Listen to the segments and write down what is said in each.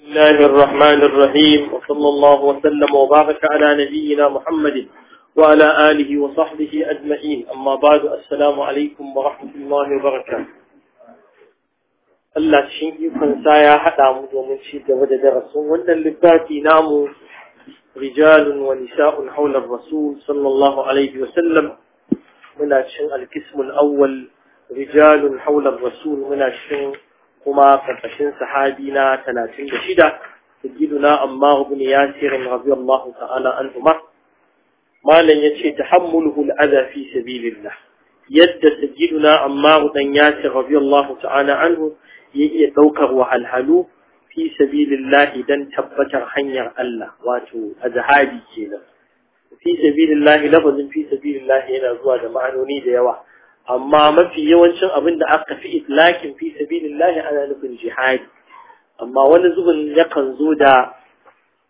بسم الله الرحمن الرحيم وصلى الله وسلم وبارك على نبينا محمد وعلى آله وصحبه أجمعين أما بعد السلام عليكم ورحمة الله وبركاته الله شين يكون سايا حتى عمود ومن شيد وده درسون وانا اللي ناموا رجال ونساء حول الرسول صلى الله عليه وسلم من الشن القسم الأول رجال حول الرسول من الشن kuma karkashin sahabi na talatin da 36 sayyiduna Ammar ibn Yasir radiyallahu ta'ala anhu malan yace tahammuluhu al-adha fi sabilillah yadda sayyiduna Ammar dan Yasir radiyallahu ta'ala anhu ya iya daukar wahalhalu fi sabilillah dan tabbatar hanyar Allah wato azhabi kenan fi sabilillah lafazin fi sabilillah yana zuwa da ma'anoni da yawa amma mafi yawancin abin da aka fi itlakin fi sabilillahi ana nufin jihadi amma wani zubin yakan zo da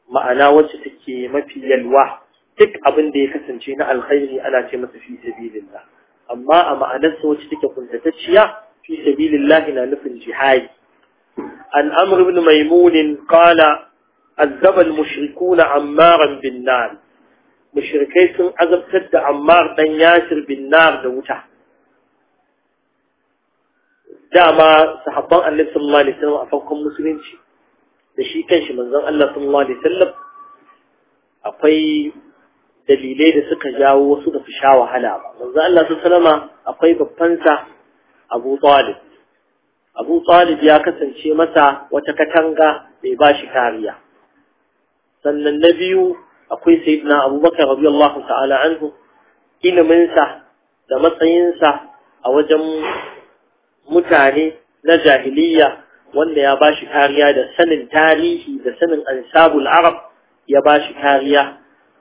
ma'ana wacce take mafi yalwa duk abin da ya kasance na alkhairi ana ce masa fi sabilillah amma a ma'anarsa wacce take kuntatacciya fi sabilillahi na nufin jihadi an amr ibn maimun qala azzaba al-mushrikuna ammaran bin nar mushrikai sun azabtar da ammar dan yasir bin nar da wuta dama sahabban annabi sallallahu alaihi wasallam a farkon musulunci da shi kanshi manzon Allah sallallahu alaihi wasallam akwai dalilai da suka jawo wasu da su sha wahala ba manzon Allah sallallahu alaihi akwai babban sa Abu Talib Abu Talib ya kasance masa wata katanga bai ba shi kariya sannan na biyu akwai sayyidina Abubakar radiyallahu ta'ala anhu iliminsa da matsayinsa a wajen mutane na jahiliya wanda ya bashi kariya da sanin tarihi da sanin ansabul arab ya bashi kariya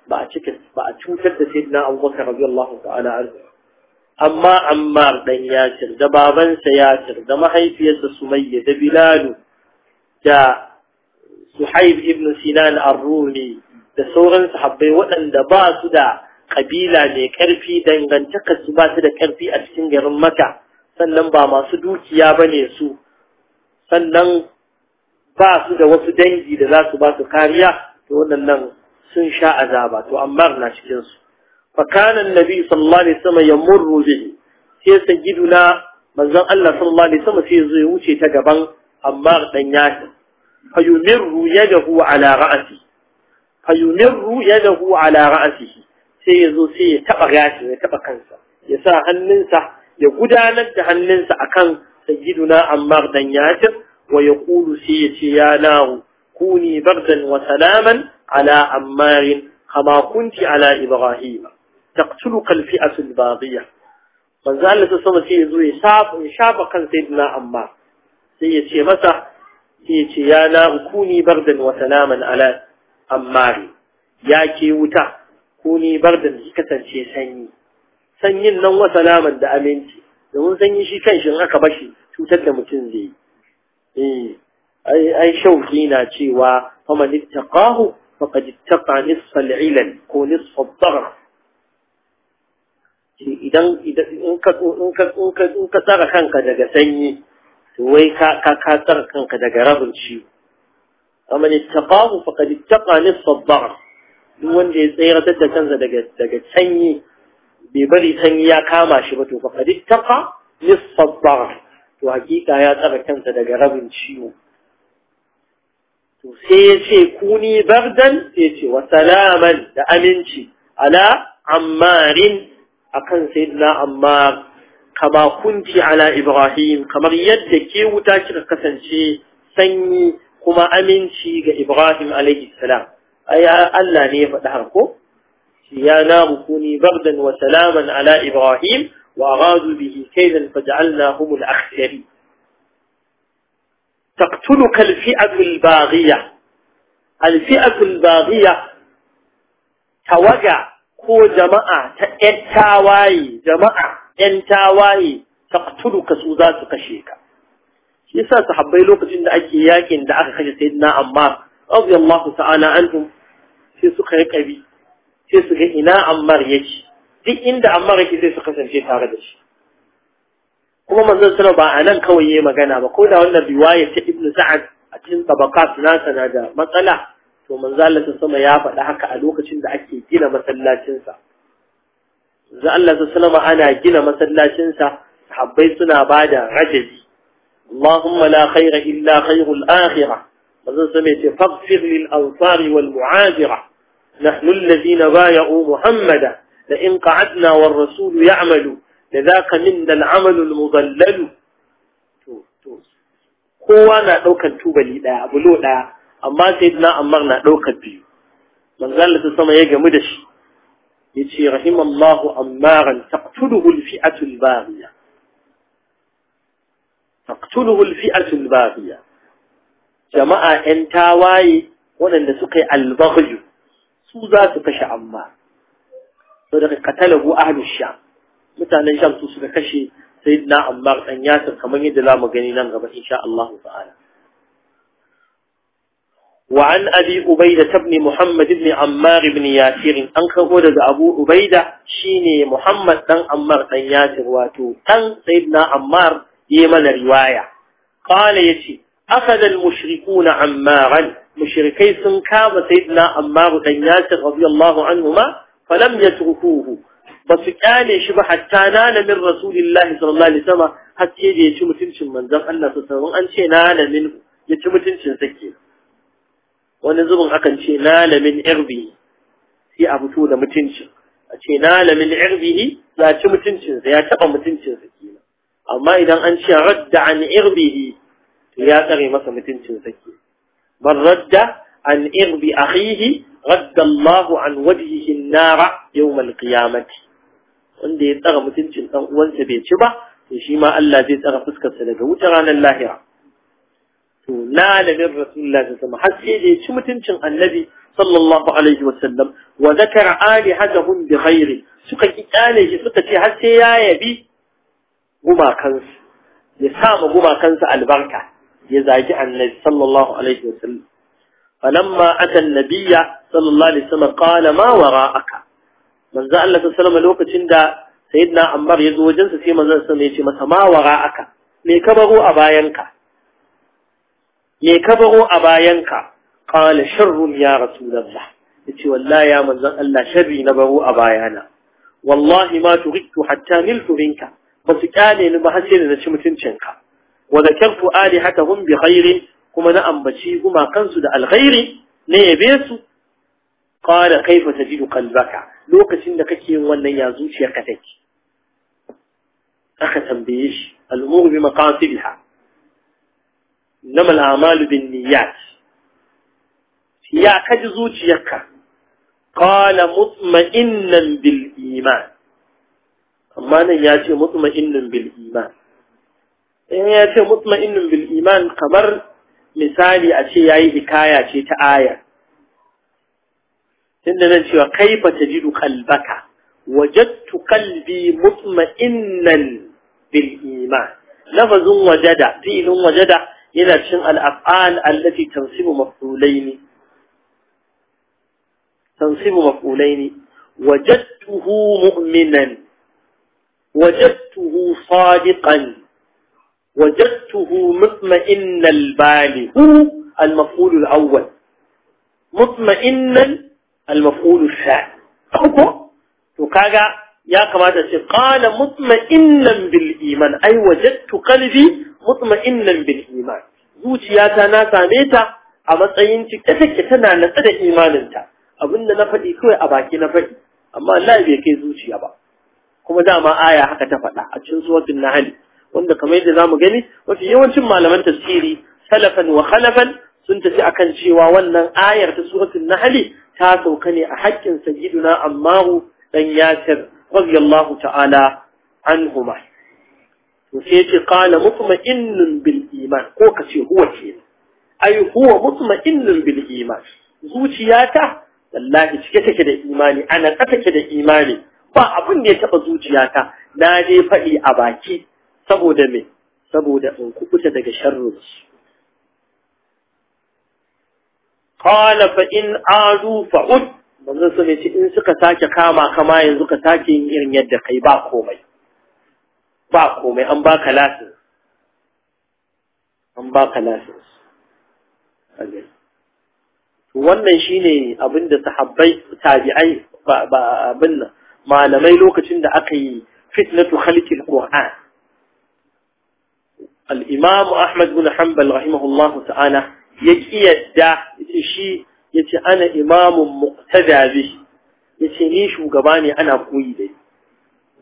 ba a cikin ba a cutar da sayyidina Bakar radiyallahu ta'ala anhu amma ammar dan ya yasir da baban sa ya yasir da mahaifiyarsa sumayya da Bilal da suhaib ibn sinan ar-rumi da sauran sahabbai waɗanda ba su da kabila mai karfi dangantaka su ba su da karfi a cikin garin Makkah sannan ba masu dukiya ba ne su sannan ba su da wasu dangi da za su ba su kariya to wannan nan sun sha azaba to amma na cikin su fa kana annabi sallallahu alaihi wasallam yamurru bi sai sayyiduna manzon Allah sallallahu alaihi wasallam sai zai wuce ta gaban amma dan yaki fa yumirru yadahu ala ra'si fa yumirru yadahu ala ra'sihi sai yazo sai ya taba gashi ya taba kansa ya sa hannunsa ya gudanar da hannunsa akan sayyiduna Ammar dan Yasir wa yaqulu sai ya ce ya nahu kuni bardan wa salaman ala Ammar kama kunti ala Ibrahim taqtuluka al-fi'atu al-baghiya manzo Allah sama sai ya zo ya shafa kan sayyiduna Ammar sai ya ce masa sai ya ce ya nahu kuni bardan wa salaman ala Ammar ya ke wuta kuni bardan ki kasance sanyi sanyin nan wa salaman da aminci domin sanyi shi kan shi aka bashi cutar da mutum zai yi ai shauki na cewa faman ittaqahu faqad ittaqa nisfa al ko nisfa ad idan in ka in ka tsara kanka daga sanyi to wai ka ka ka tsara kanka daga rabin ciwo faman ittaqahu faqad ittaqa nisfa ad duk wanda ya tsayar da kansa daga daga sanyi bai bari sanyi ya kama shi ba to fa qad ittaqa to hakika ya tsara kansa daga rabin ciwo to sai ya ce kuni bardan sai ya ce wa salaman da aminci ala ammarin akan na ammar kama kunti ala ibrahim kamar yadda ke wuta kika kasance sanyi kuma aminci ga ibrahim alaihi salam ai Allah ne ya faɗi har ko يا نار كوني بردا وسلاما على إبراهيم وأرادوا به كيدا فجعلناهم الأخسرين تقتلك الفئة الباغية الفئة الباغية توجع كو جماعة تأتاواي جماعة أنتاواي تقتلك سوزات كشيكا يسا yasa لوك جند da ake yakin da سيدنا أمار رضي الله تعالى عنهم في sai suka sai su ga ina ammar yake duk inda ammar yake zai su kasance tare da shi kuma manzon sallallahu ba a nan kawai yayi magana ba ko da wannan riwaya ta ibn sa'ad a cikin tabaqat nasa na da matsala to manzo Allah ya faɗa haka a lokacin da ake gina masallacinsa za Allah sallama ana gina masallacinsa habbai suna bada rajabi. Allahumma la khaira illa khairul akhirah manzo sama yace lil ansari wal mu'azira نحن الذين بايعوا محمدا لإن قعدنا والرسول يعمل لذاك منا العمل المضلل قوانا لوكا توبا لدا أبلو لا أما سيدنا أمرنا لوكا بي من ذلك السماء يجي مدش يتي رحم الله أمارا تقتله الفئة الباغية تقتله الفئة الباغية جماعة انتاواي ونن سقي البغي su za su kashe amma sau daga katalagu ahalus sha mutanen sham su suka kashe sai na amma ɗan yasir kamar yadda za mu gani nan gaba insha Allah ta'ala Wa'an an abi ubaida ta bni muhammad ibn ammar ibn yasirin an karɓo daga abu ubaida shine muhammad dan ammar dan yasir wato tan sayyidina ammar yayi mana riwaya qala yace akhadha al mushrikuna ammaran مشركي سنكام سيدنا أمار ياسر رضي الله عنهما فلم يتركوه بس كان يشبه حتى نال من رسول الله صلى الله عليه وسلم حتى يتم تنشن من ذلك الله صلى الله عليه وسلم أن شيء نال منه يتم تنشن سكين ونزبغ حقا شيء نال من عربه في أبطول متنشن شيء نال من عربه لا يتم تنشن سيا تقع متنشن سكين أما إذا أن شيء رد عن عربه لا أخي ما سمتين شو سكين بل رد عن إرض أخيه رد الله عن Nara النار يوم القيامة wanda ya tsara mutuncin ɗan uwansa bai ci ba to shi Allah zai tsara fuskarsa daga wuta ranar lahira to na da bin rasulullah ta sama ya ci mutuncin annabi sallallahu alaihi wa sallam wa zakara ali hadahum bi suka ki kyale shi suka ce har sai ya yabi gumakansu ya sa ma gumakansa albarka يزعج عن النبي صلى الله عليه وسلم فلما أتى النبي صلى الله عليه وسلم قال ما وراءك من زعل الله سلم الوقت عند سيدنا عمر يزو جنس في من زعل الله ما وراءك ليكبغوا أباينك ليكبغوا أباينك قال شر يا رسول الله يتي والله يا من زعل الله شر نبغوا أباينا والله ما تغيك حتى نلت منك فسكاني لما حسين نشمتين شنك وذكرت آلهتهم بخير كما نأمبشي كما كنسد الغير نيبيس قال كيف تجد قلبك لوك انك كي وانا يازوش يكتك أخا تنبيش الأمور بمقاصدها نما الأعمال بالنيات يا kaji zuciyarka قال مطمئنا بالإيمان iman amma مطمئنا بالإيمان in ya ce mutma'innun bil iman kamar misali a ce yayi hikaya ce ta aya tunda nan cewa kaifa tajidu qalbaka wajadtu qalbi mutma'innan bil iman lafazun wajada fi'lun wajada yana cikin al-af'al allati tansibu maf'ulaini tansibu maf'ulaini wajadtuhu mu'minan wajadtuhu sadiqan وجدته مطمئن البال هو المفعول الأول مطمئن المفعول الثاني أوكو وكاجا يا كما قال مطمئنا بالإيمان أي وجدت قلبي مطمئنا بالإيمان زوجي يا تانا ساميتا أما سأينتي كتك تانا نسد إيمان انت أبن نفدي كوي أباكي نفدي أما لا يبيكي زوجي أبا كما دعما آية حكا تفتح أجنزوات النهلي wanda kamar yadda gani mafi yawancin malaman tafsiri salafan wa khalafan sun tafi akan cewa wannan ayar ta suratul nahl ta sauka ne a haƙƙin sayyiduna ammahu dan yasir radiyallahu ta'ala anhuma to sai yace qala mutma'innun bil iman ko kace huwa ke ai huwa mutma'innun bil iman zuciyata wallahi cike take da imani ana take da imani ba abin da ya taba zuciyata na dai faɗi a baki saboda me saboda in kubuta daga sharrin qala fa in adu fa ud manzo sai ce in suka sake kama kama yanzu ka sake yin irin yadda kai ba komai ba komai an baka lasin an baka lasin wannan shine abinda sahabbai tabi'ai ba abin nan malamai lokacin da aka yi fitnatu khalqil qur'an الإمام أحمد بن حنبل رحمه الله تعالى يجي يدع يتشي يتي أنا إمام مقتدى به يتي ليش مقباني أنا قوي به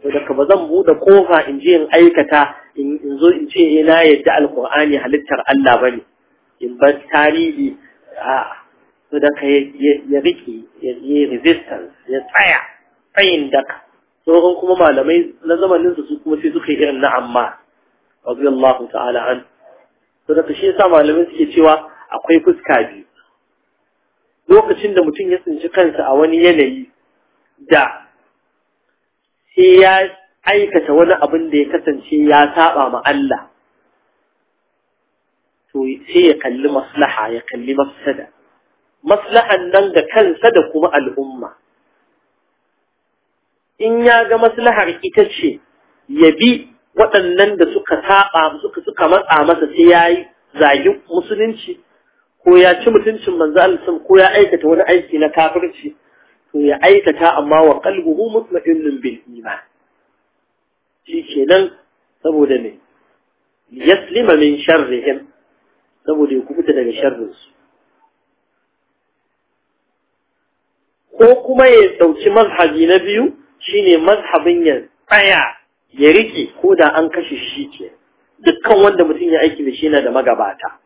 ودك بزن بودا إن جين أيكتا إن زو إن جين إنا يدع القرآن هلتر ألا بني إن بس تاريلي ودك آه، يغيكي يغي ريزيستنس يطيع طين دك سوغن كما ما لما نزمان ننسى سوكما سيسوكي إرن نعم ما radiyallahu ta'ala an to da shi yasa malamai suke cewa akwai fuska biyu lokacin da mutum ya tsinci kansa a wani yanayi da sai ya aikata wani abin da ya kasance ya saba ma Allah to sai ya kalli maslaha ya kalli mafsada maslahan nan ga kansa da kuma al'umma in ya ga maslahar ita ce ya bi waɗannan da suka taɓa suka suka matsa masa sai ya yi zagin musulunci ko ya ci mutuncin manzo Allah ko ya aikata wani aiki na kafirci to ya aikata amma wa qalbuhu mutma'innun bil iman shi kenan saboda ne yaslima min sharrihim saboda ya kubuta daga sharrinsu ko kuma ya ɗauki mazhabi na biyu shine mazhabin ya tsaya ya rike ko da an kashe shi ke dukkan wanda mutum ya aiki da shi yana da magabata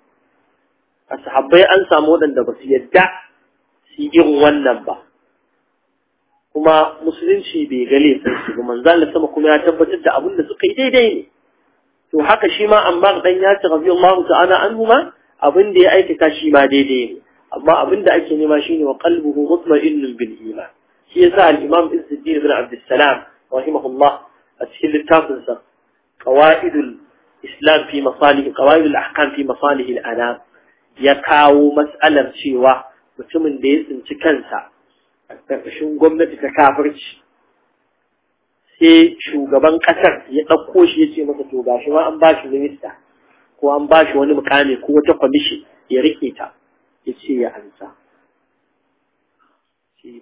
a an samu wanda ba su yadda su yi wannan ba kuma musulunci bai ga laifin su ba Allah sama kuma ya tabbatar da abin da suka yi daidai ne to haka shi ma amma dan ya ci Allah ta'ala anhuma ma abin da ya aikata shi ma daidai ne amma abin da ake nema shine wa qalbuhu mutma'innun bil iman shi yasa al-imam Ibn Izzuddin ibn salam rahimahullah أتكلم التامسة قواعد الإسلام في مصالح قواعد الأحكام في مصالح الأنام يكاو مسألة شوى متمن ديس انتكنسا شون قمنا تتكافرج سي شو قبان قسر يتقوش يسي مسألة وقاش ما أنباش زميستا هو أنباش وانو مكاني قوة قمشي يريكيتا يسي يأنسا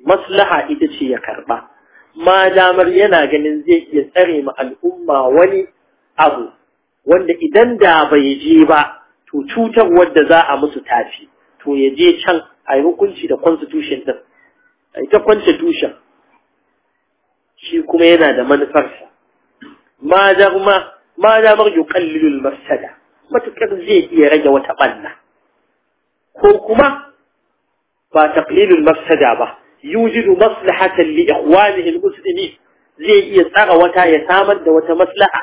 مصلحة إذا شي يكربا ma damar yana ganin zai iya tsare ma al'umma wani abu wanda idan da bai je ba to cutar wanda za a musu tafi to ya je can a yi hukunci da constitution din a ita constitution shi kuma yana da manufarsa ma damar ma damar yuqallilul matukar zai iya rage wata ɓalla. ko kuma ba taqlilul mafsada ba yujidu maslahatan li ikhwanihi almuslimin zai iya tsara wata ya samar da wata maslaha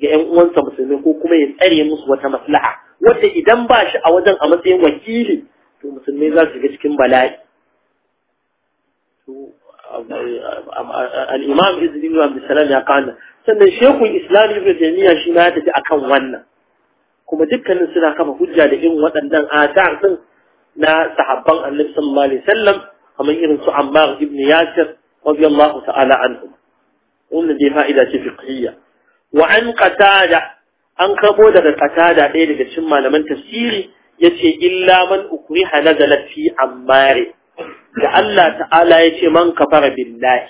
ga ƴan uwansa musulmi ko kuma ya tsare musu wata maslaha wanda idan ba shi a wajen a matsayin wakili to musulmi za su ga cikin bala'i al-imam izini ibn ya kana sannan shekul islam ibn jamiya shi ma ya tafi akan wannan kuma dukkanin suna kafa hujja da irin waɗannan adar din na sahabban annabi sallallahu alaihi wasallam ومن يرس عمار بن ياسر رضي الله تعالى عنهم قلنا ذي فائدة فقهية وعن قتادة عن قبولة قتادة ذلك ثم لمن تسيري يتي إلا من أكره نزلت في عمار لألا تعالى يتي من كفر بالله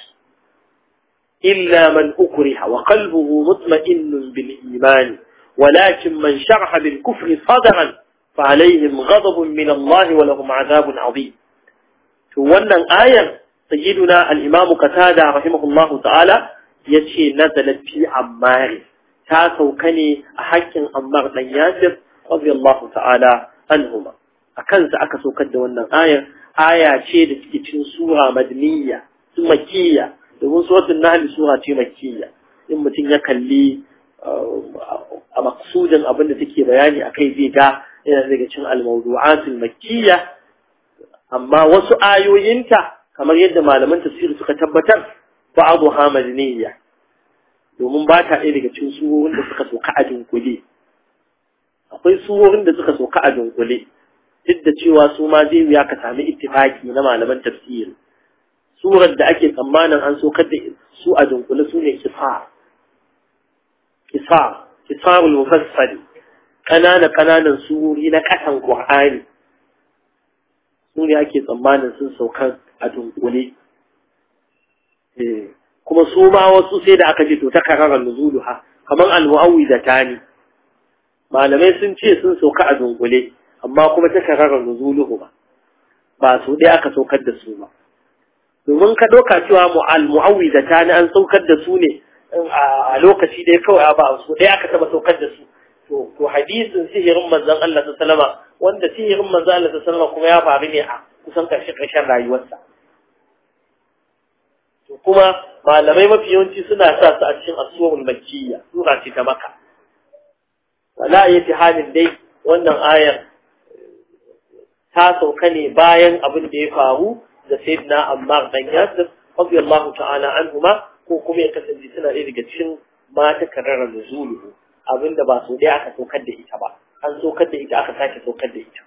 إلا من أكره وقلبه مطمئن بالإيمان ولكن من شرح بالكفر صدرا فعليهم غضب من الله ولهم عذاب عظيم to wannan ayar sayyiduna al-imamu qatada rahimahullahu ta'ala yace nazalat fi ammar ta sauka ne a hakkin ammar dan yasir radiyallahu ta'ala anhuma akan sa aka saukar da wannan ayar aya ce da take cikin sura madaniyya makiyya domin suratul nahl sura ce makiyya in mutum ya kalli uh, a maksudin abin da take bayani akai zai ga yana daga cikin al-mawdu'atul makiyya amma wasu ayoyinta kamar yadda malaman tafsir suka tabbatar ne ya domin ba ta ɗaya daga cikin surorin da suka soka a dunkule akwai surorin da suka soka a dunkule duk da cewa su ma zai wuya ka sami ittifaki na malaman tafsir surar da ake tsammanin an sokar da su a dunkule su ne kifa kisar kisarul mufassari ƙananan ƙananan na ƙasan qur'ani su ne ake tsammanin sun sauka a dunkule eh, kuma su ma wasu sai da aka ce to ta kararar ha kamar al-mu'awwida tani malamai sun ce sun sauka a dunkule amma kuma ta kararar nuzuluhuma ba ba su dai aka saukar da su ba domin ka ɗauka cewa al-mu'awwida tani an saukar da su ne a lokaci dai kawai ba su dai aka taba saukar da su to hadisin sihirin manzon Allah ta salama wanda sihirin manzon Allah ta wasallam kuma ya faru ne a kusan karshen karshen rayuwarsa to kuma malamai mafi yawanci suna sa su a cikin asuwar makkiya sura ce ta maka wala yati halin dai wannan ayar ta sauka ne bayan abin da ya faru da sayyidina Ammar dan Yasir radiyallahu ta'ala anhuma ko kuma ya kasance suna daga cikin mata karara zuluhu abinda ba so dai aka saukar da ita ba an saukar da ita aka sake saukar da ita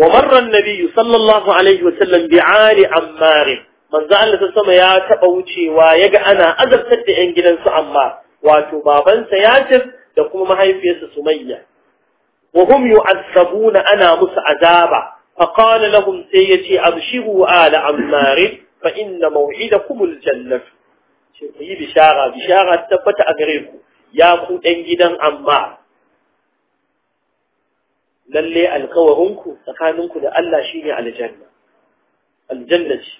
wa marra annabi sallallahu alaihi wa sallam bi ali ammar manzo Allah ta sama ya taba wucewa yaga ana azabtar da yan gidan su amma wato babansa Yasir da kuma mahaifiyarsa Sumayya wa hum yu'azzabuna ana musu azaba فقال لهم سيتي أبشروا آل عمار فإن موعدكم Bishara Bishara tabbata a gare ku. ya ku ɗan gidan amma lalle alkawarinku tsakaninku da Allah shi ne aljanna aljanna ce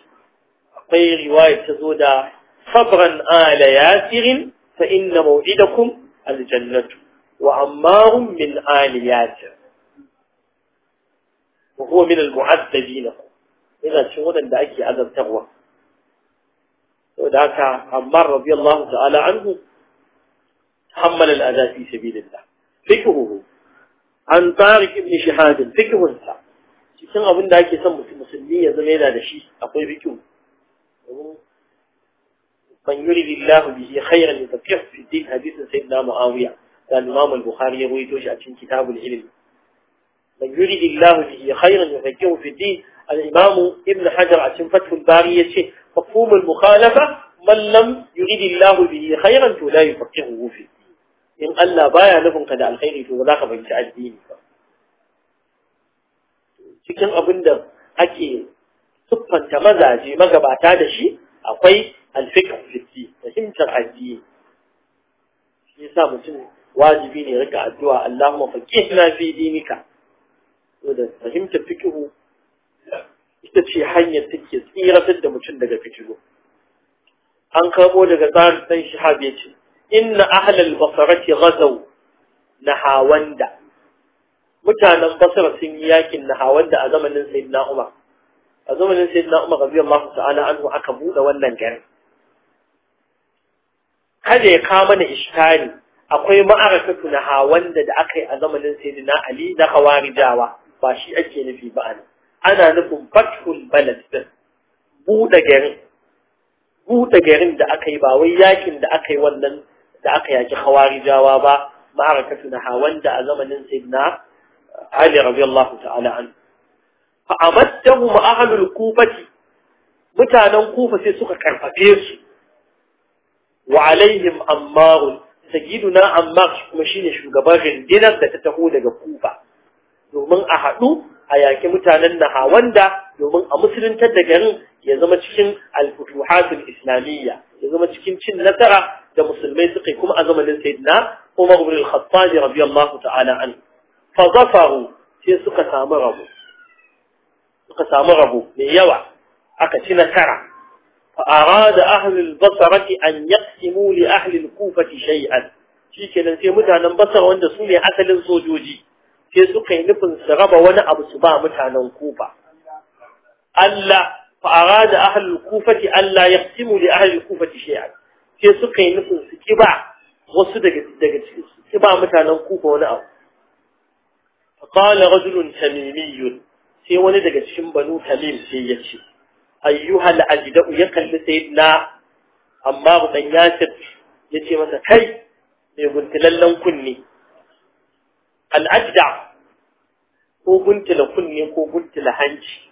akwai riwaya ta zo da sabran ala yasirin fa inna maw'idakum aljannatu wa ammarun min ali yasir wa huwa min almu'addabin ina cikin wadanda ake azabtarwa saboda haka ammar radiyallahu ta'ala anhu حمل الأذى في سبيل الله فكره عن طارق ابن شهاد فكره انسا كان أبن داك يسمى في مسلمية زميلة لشيء أقول بكم من يريد الله به خيرا يفكر في الدين حديث سيدنا معاوية كان إمام البخاري يقول توجه أتشين كتاب العلم من يريد الله به خيرا يفكر في الدين الإمام ابن حجر أتشين فتح الباري يشي مفهوم المخالفة من لم يريد الله به خيرا فلا يفكره فيه in Allah baya nufin ka da alkhairi to ba za ka fahimci addini ba cikin abin da ake siffanta mazaje magabata da shi akwai alfikar fiki fahimtar addini shi yasa mutum wajibi ne rika addu'a Allahumma faqihna fi dinika to da fahimtar fikihu ita ce hanyar take tsiratar da mutum daga fitilo an kamo daga tsarin dan shahab yace inna ahlal basarati ghazaw nahawanda mutanen basra sun yi yakin nahawanda a zamanin sayyidina umar a zamanin sayyidina umar radiyallahu ta'ala anhu aka bude wannan gari kada ya kama na iskari akwai ma'arakatu nahawanda da aka yi a zamanin sayyidina ali na khawarijawa ba shi ake nufi ba ana ana nufin fathul balad din bude garin buɗe garin da aka yi ba wai yakin da aka yi wannan da aka yaki khawarijawa ba ma'arakatu hawan wanda a zamanin sayyidina Ali radiyallahu ta'ala an fa amattahu ahlul kufati mutanen kufa sai suka karfafe su wa alaihim ammar sayyiduna ammar kuma shine shugaban rindinar da ta taho daga kufa domin a haɗu a yaki mutanen na hawan wanda domin a musuluntar da garin ya zama cikin al-futuhatul islamiyya ya zama cikin cin nasara da musulmai suka kuma a zamanin sayyidina Umar ibn al-Khattab radiyallahu ta'ala an fa zafaru sai suka samu rabo suka samu rabo ne yawa aka ci nasara fa arada ahli al basra an yaqsimu li ahli al kufa shay'an shi kenan sai mutanen basra wanda su ne asalin sojoji sai suka yi nufin su raba wani abu su ba mutanen kufa Allah fa arada ahli al kufa an la yaqsimu li ahli al kufa shay'an sai suka yi nufin su ba wasu daga daga cikin su ba mutanen kuka wani abu qala rajulun tamimiyun sai wani daga cikin banu tamim sai ya ce ayyuhal ajda'u ya kalli sayyidina amma ruban yasir ya ce masa kai mai guntulallen kunni al'ajda ko guntula kunne ko guntula hanci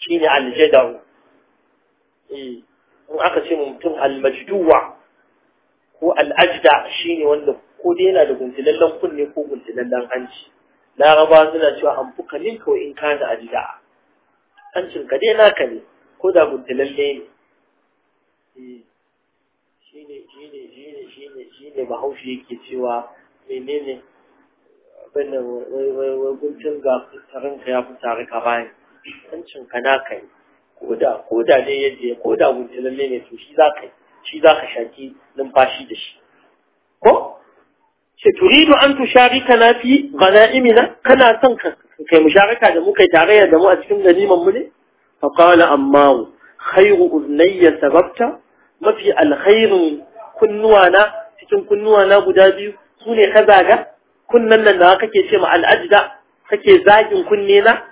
shine aljada'u eh. ko aka ce mutum almajduwa ko al'ajda shine wanda ko dai yana da guntulallen kunne ko guntulallen hanci laraba suna cewa an fuka min ko in da ajda hancin ka dai naka ne ko da guntulalle ne shine shine shine shine shine bahaushe yake cewa menene bane wai wai wai guntun ga tarin ka ya fi tare ka bani hancin ka naka ne koda koda ne yadda ya koda guntulalle ne to shi za ka shi za ka shaki numfashi da shi ko ce turidu an tusharika na fi ghanaimina kana son ka kai musharaka da mu kai tarayya da mu a cikin ganiman mu ne fa qala amma khayru uznayya sababta mafi alkhairun kunnuwana cikin kunnuwana guda biyu sune kazaga zaga kunnan nan da kake ce ma al'ajda kake zagin kunne na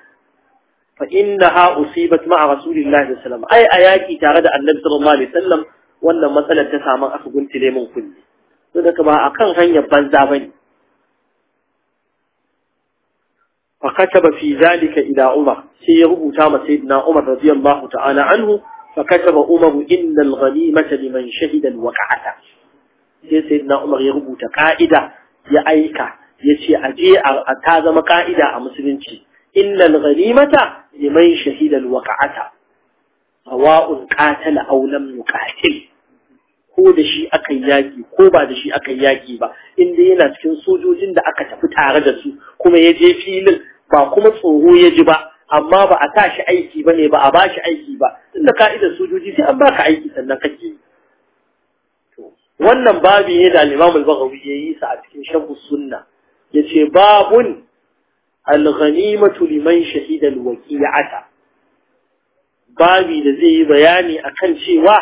فإنها أصيبت مع رسول الله صلى الله عليه وسلم أي آياتي تغدى أن نبسر الله عليه وسلم وأن مثلا تسامى أخبون تليمون كله فإنك ما أقن هن يبان فكتب في ذلك إلى عمر سيغب تام سيدنا عمر رضي الله تعالى عنه فكتب أمر إن الغنيمة لمن شهد الوقعة سيدنا عمر يغب تقائدة يأيك يسي أجيء أتاز مقائدة أمسلين شيء innal ghanimata liman shahida alwaqa'ata sawa'un qatala aw lam yuqatil ko da shi aka yaki ko ba da shi aka yaki ba inda yana cikin sojojin da aka tafi tare da su kuma ya je filin ba kuma tsoro ya ji ba amma ba a tashi aiki ba ne ba a ba shi aiki ba inda ka'idar sojoji sai an baka aiki sannan kake wannan babu ne da al-Imam al ya yi sa a cikin shabbu Sunna yace babun الغنيمة لمن شهد الوكيعة بابي ذي بياني أكن شوا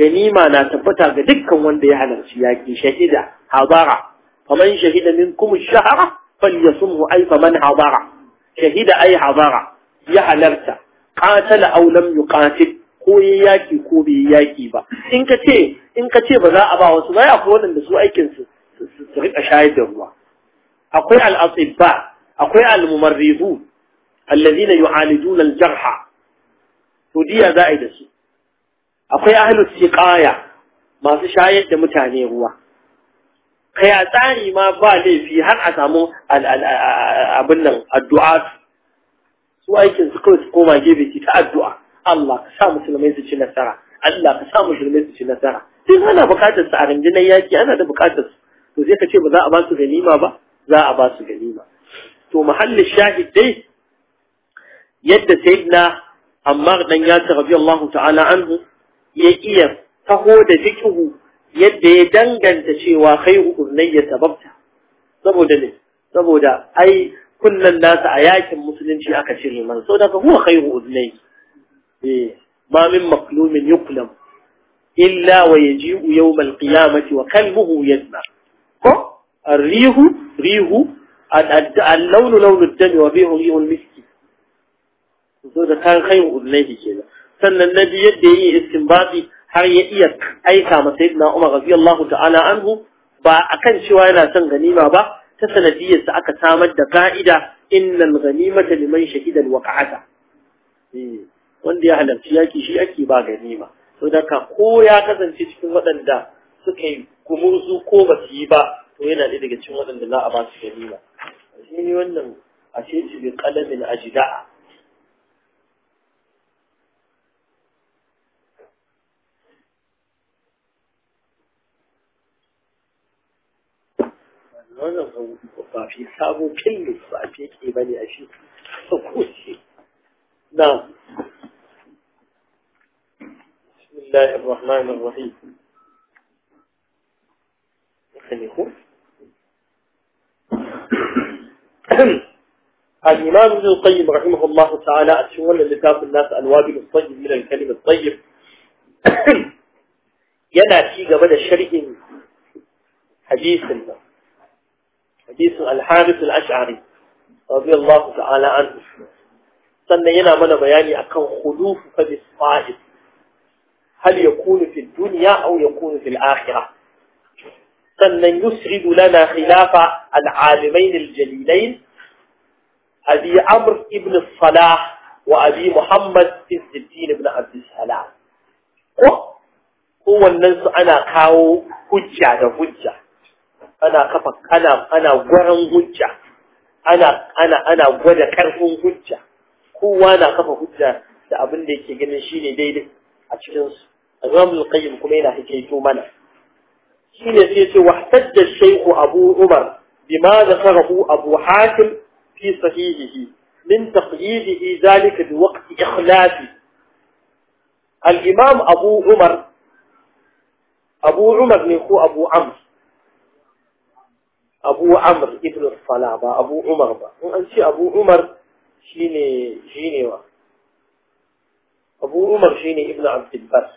غنيمة ناتبتا قدك وان دي على سياكي شهد حضارة فمن شهد منكم الشهرة فليصمه أي فمن حضارة شهد أي حضارة يحلرت قاتل أو لم يقاتل koye yaki ko bai yaki إن in إن ce in ka ce ba za a ba wasu ba ya ku wadanda su aikinsu su rika shayar da ruwa akwai al'asib ba akwai al-mumarridu allazina yu'aliduna al-jarha to diya za a yi da su akwai ahlus siqaya masu shayar da mutane ruwa kai a tsari ma ba laifi har a samu abin nan addu'a su aikin su kawai su koma gefe ki ta addu'a Allah ka sa musulmai su ci nasara Allah ka sa musulmai su ci nasara duk ana bukatar su a rundunar yaki ana da bukatar su to sai ka ce ba za a ba su ganima ba za a ba su ganima to mahallin shahid dai yadda sayyidina Ammar dan Yasir radiyallahu ta'ala anhu ya iya taho da fikihu yadda ya danganta cewa khairu ya sababta saboda ne saboda ai kunnan nasa a yakin musulunci aka cire man so daga huwa khairu uznai eh ma min maqlumin yuqlam illa wa yaji'u yawm al wa kalbuhu yadna ko rihu اللون لون الدم وبيه ريح المسك so da kan kai ullahi kenan sannan na biyu yadda yayi istinbati har ya iya aika ma sayyidina Umar radiyallahu ta'ala anhu ba akan cewa yana son ganima ba ta sanadiyar sa aka samar da ka'ida innal ghanimata liman shahida alwaqa'ata eh, wanda ya halarci yaki shi ake ba ganima to da ka ko ya kasance cikin waɗanda suka yi gumurzu ko ba su yi ba to yana ɗaya daga cikin waɗanda za a ba su ganima shi wannan a ce shi bi kalamin ajida'a wannan ba fi sabo kille ba a feke bane a shi ko ko shi na بسم الله الرحمن الرحيم خليكم الإمام ابن القيم رحمه الله تعالى أتشون لتاب الناس الوابل الطيب من الكلم الطيب ينا في قبل الشرح حديث حديث الحارث الأشعري رضي الله تعالى عنه سنة ينا من بياني أكون خلوف فدي الصائد هل يكون في الدنيا أو يكون في الآخرة سنة يسرد لنا خلاف العالمين الجليلين أبي عمرو ابن الصلاح وأبي Muhammad عز الدين ابن عبد السلام هو الناس أنا كاو حجة حجة hujja كفك أنا أنا ورن حجة أنا أنا أنا ورد كرف حجة هو أنا كفك حجة da abinda da yake ganin shi ne daidai a cikin ramul qayyim kuma yana hikaito mana shine sai ce wahtajja shaykhu abu umar bima abu hatim في صحيحه من تقييده ذلك بوقت إخلافه الإمام أبو عمر أبو عمر هو أبو عمرو أبو عمر ابن الصلاة أبو عمر با أنشي أبو عمر شيني جيني وا أبو عمر شيني ابن عبد البر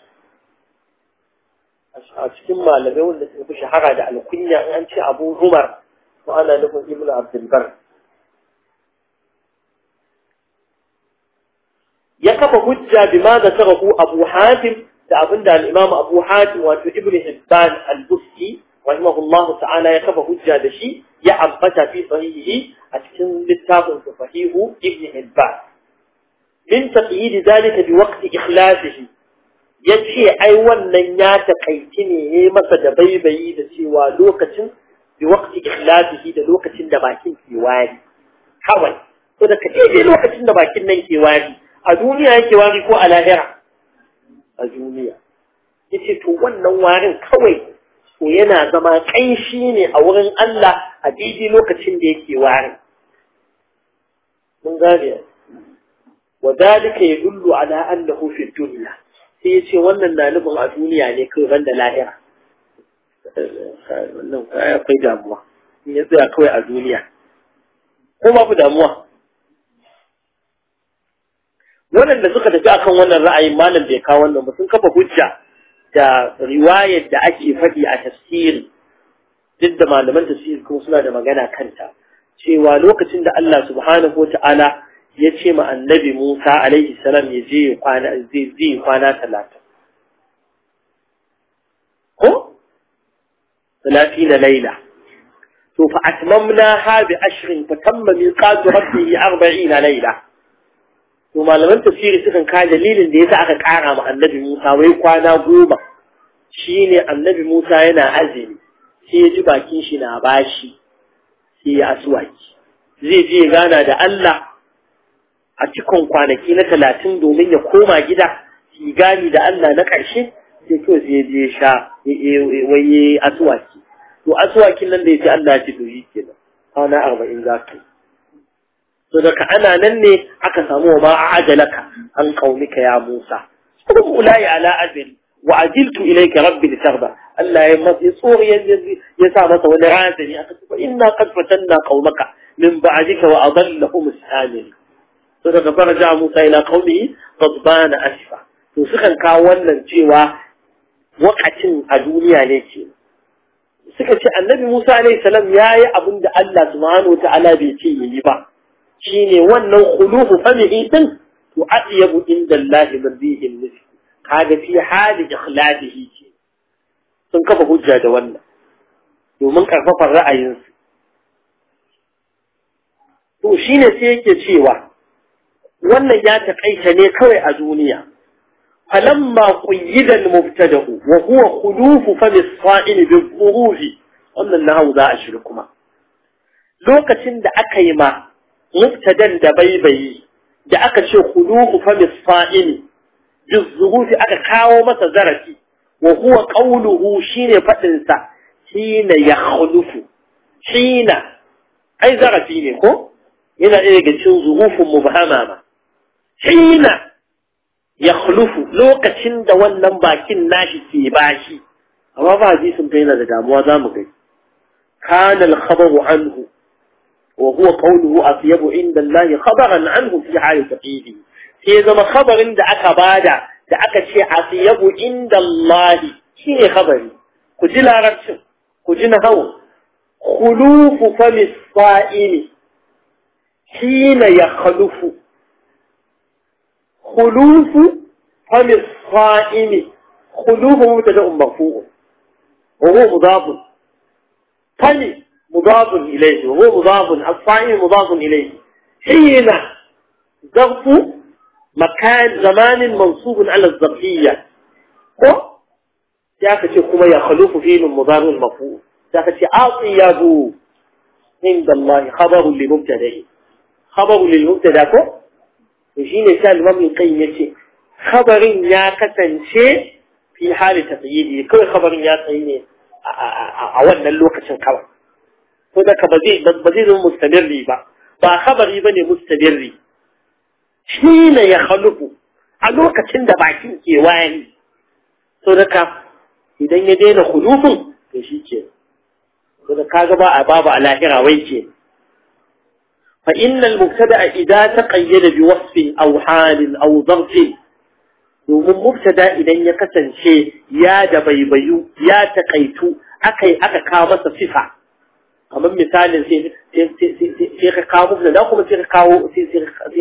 أشكم ما لك لتنكو شحرة على كنيا أنشي أبو عمر وأنا لكم ابن عبد البر kafa hujja bima da sarahu abu hatim da abinda al-imam abu hatim wato ibn hibban al-busti rahimahullahu ta'ala ya kafa hujja da shi ya ambata fi sahihi a cikin littafin sahihu ibn hibban min taqyid zalika bi waqti ikhlasihi yace ai wannan ya takaici ne ya masa da baibayi da cewa lokacin bi waqti ikhlasihi da lokacin da bakin ke wari kawai to da kace lokacin da bakin nan ke wari a duniya yake wari ko a lahira a duniya yace to wannan warin kawai to yana zama ƙanshi ne a wurin Allah a daidai lokacin da yake warin mun gane wa dalika yadullu ala annahu fi dunya sai yace wannan na a duniya ne kai ban da lahira wannan kai akwai damuwa in ya tsaya kawai a duniya ko babu damuwa waɗanda suka tafi akan wannan ra'ayin malam bai kawo wannan ba sun kafa hujja da riwayar da ake faɗi a tafsiri duk da malaman tafsiri kuma suna da magana kanta cewa lokacin da Allah subhanahu wata'ala ya ce ma annabi Musa alaihi salam ya je kwana zai zai kwana talatin ko talatin laila to fa atmamna ha bi ashrin fa tamma miqatu rabbihi 40 laila to malaman tafsiri sukan ka dalilin da yasa aka kara ma annabi Musa wai kwana goma shine annabi Musa yana azumi sai ya ji bakin shi na bashi sai ya aswaki zai je gana da Allah a cikin kwanaki na talatin domin ya koma gida shi gani da Allah na ƙarshe sai to sai je sha wai aswaki to aswakin nan da ya Allah ya ci doyi kenan kwana 40 za to daga ana nan ne aka samu ma ajalaka an qaumika ya Musa kuma ulai ala azil wa ajiltu ilayka rabbi litaghda Allah ya masa tsori ya sa masa wani razani aka ce inna qad fatanna qaumaka min ba'dika wa adallahum as-samil to daga ja Musa ila qaumi qadbana asfa to sukan ka wannan cewa wakacin a duniya ne ce suka ce annabi Musa alayhi salam yayi abinda Allah subhanahu wa ta'ala bai ce yayi ba shine wannan khulufu famihi din to atyabu inda Allah mabihin nufi kaga fi hali ikhlasihi ce sun kafa hujja da wannan domin karfafar ra'ayinsu to shine sai yake cewa wannan ya taƙaita ne kawai a duniya falamma qayyida al-mubtada'u wa huwa khulufu fami as-sa'il bi wannan nahawu za a shiri kuma lokacin da aka yi ma muktadan da baibayi da aka ce khuluqu fa misfa'ini bizzurufi aka kawo masa zarafi wa huwa qawluhu shine fadin sa ya yakhlufu shine ai zarafi ne ko yana iya ga cin zurufin mubhama shine hina yakhlufu lokacin da wannan bakin nashi ke bashi amma ba hadisin kai yana da damuwa zamu gani kana al-khabaru anhu وهو قوله أطيب عند الله خبرا عنه في حال تقييده في زمن خبر عند أكبادة دعك شيء أطيب عند الله شيء خبري كجل عرش كجل هو خلوف فم الصائم حين يخلف خلوف فم الصائم خلوف متجأ مرفوع وهو مضاب فمس مضاف إليه وهو مضاف الصائم مضاف إليه حين ظرف مكان زمان منصوب على الظرفية ذاك كما يخلف فيه المضارع المفعول ذاك أطيب عند الله خبر لمبتدئ خبر للمبتدا ko to shine sai al-imam qayyim yace khabarin ya kasance fi hali taqyidi kai khabarin ya tsaye ne ko da ba zai ba zai zama mustamirri ba ba khabari ne mustamirri shi ne ya khaluqu a lokacin da bakin ke wayani So da idan ya daina khulufin to shi ke to da kaga a babu alahira wai ke fa innal mubtada idza taqayyada bi wasfin aw halin aw dharfin domin mubtada idan ya kasance ya da baibayu ya taƙaitu akai aka kawo masa sifa kamar misalin sai ka kawo mubna da kuma sai ka kawo sai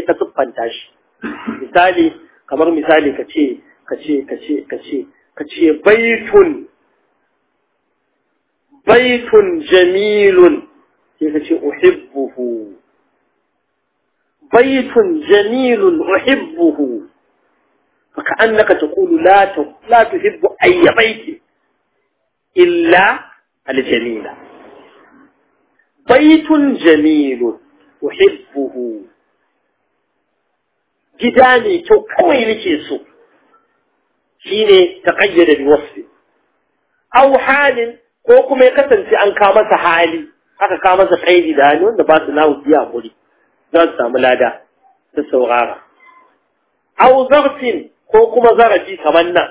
ka siffanta shi misali kamar misali ka ce ka ce ka ce ka ce ka ce baitun baitun jamilun sai ka ce uhibbuhu baitun jamilun uhibbuhu فكأنك تقول لا لا تحب أي بيت إلا الجميلة baitun Jamilu uhibbuhu gida ne kyau kawai nake so shine ta kayyada bi wasfi aw halin ko kuma ya kasance an ka masa hali aka ka masa kaidi da hali wanda ba su nawo biya muri za su samu lada da saurara aw ko kuma zarafi kamar nan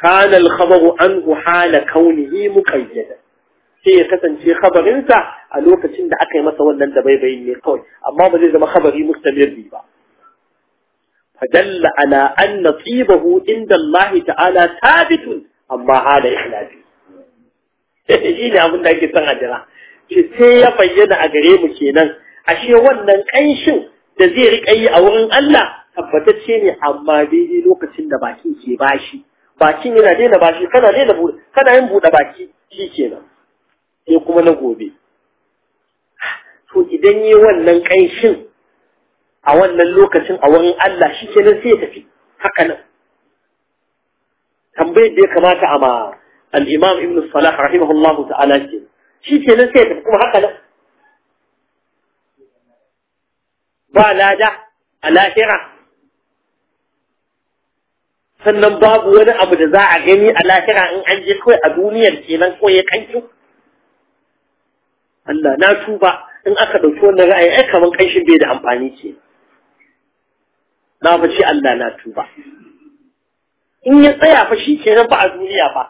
kana al-khabaru anhu hala kaunihi sai ya kasance khabarinsa a lokacin da aka yi masa wannan da baibayin ne kawai amma ba zai zama khabari mustamirri ba fadalla ala anna tsibahu inda Allah ta'ala thabitun amma hala ikhlasi shi ne abin da yake san ajira shi sai ya bayyana a gare mu kenan ashe wannan kanshin da zai rika yi a wurin Allah tabbatacce ne amma dai lokacin da baki ke bashi bakin yana daina bashi kana daina kana yin bude baki shi kenan sai kuma na gobe to idan yi wannan ƙanshin a wannan lokacin a wurin Allah shi kenan sai ya tafi haka nan tambayar da ya kamata a ma al-imam ibn salah rahimahullah ta'ala ke shi kenan sai ya tafi kuma haka nan ba lada a lahira sannan babu wani abu da za a gani a lahira in an je kawai a duniyar kenan ko ya kankin Allah na tuba in aka ɗauki wannan ra'ayi ai kaman ƙanshin bai da amfani ke na fa Allah na tuba in ya tsaya fa shi ke ba a duniya ba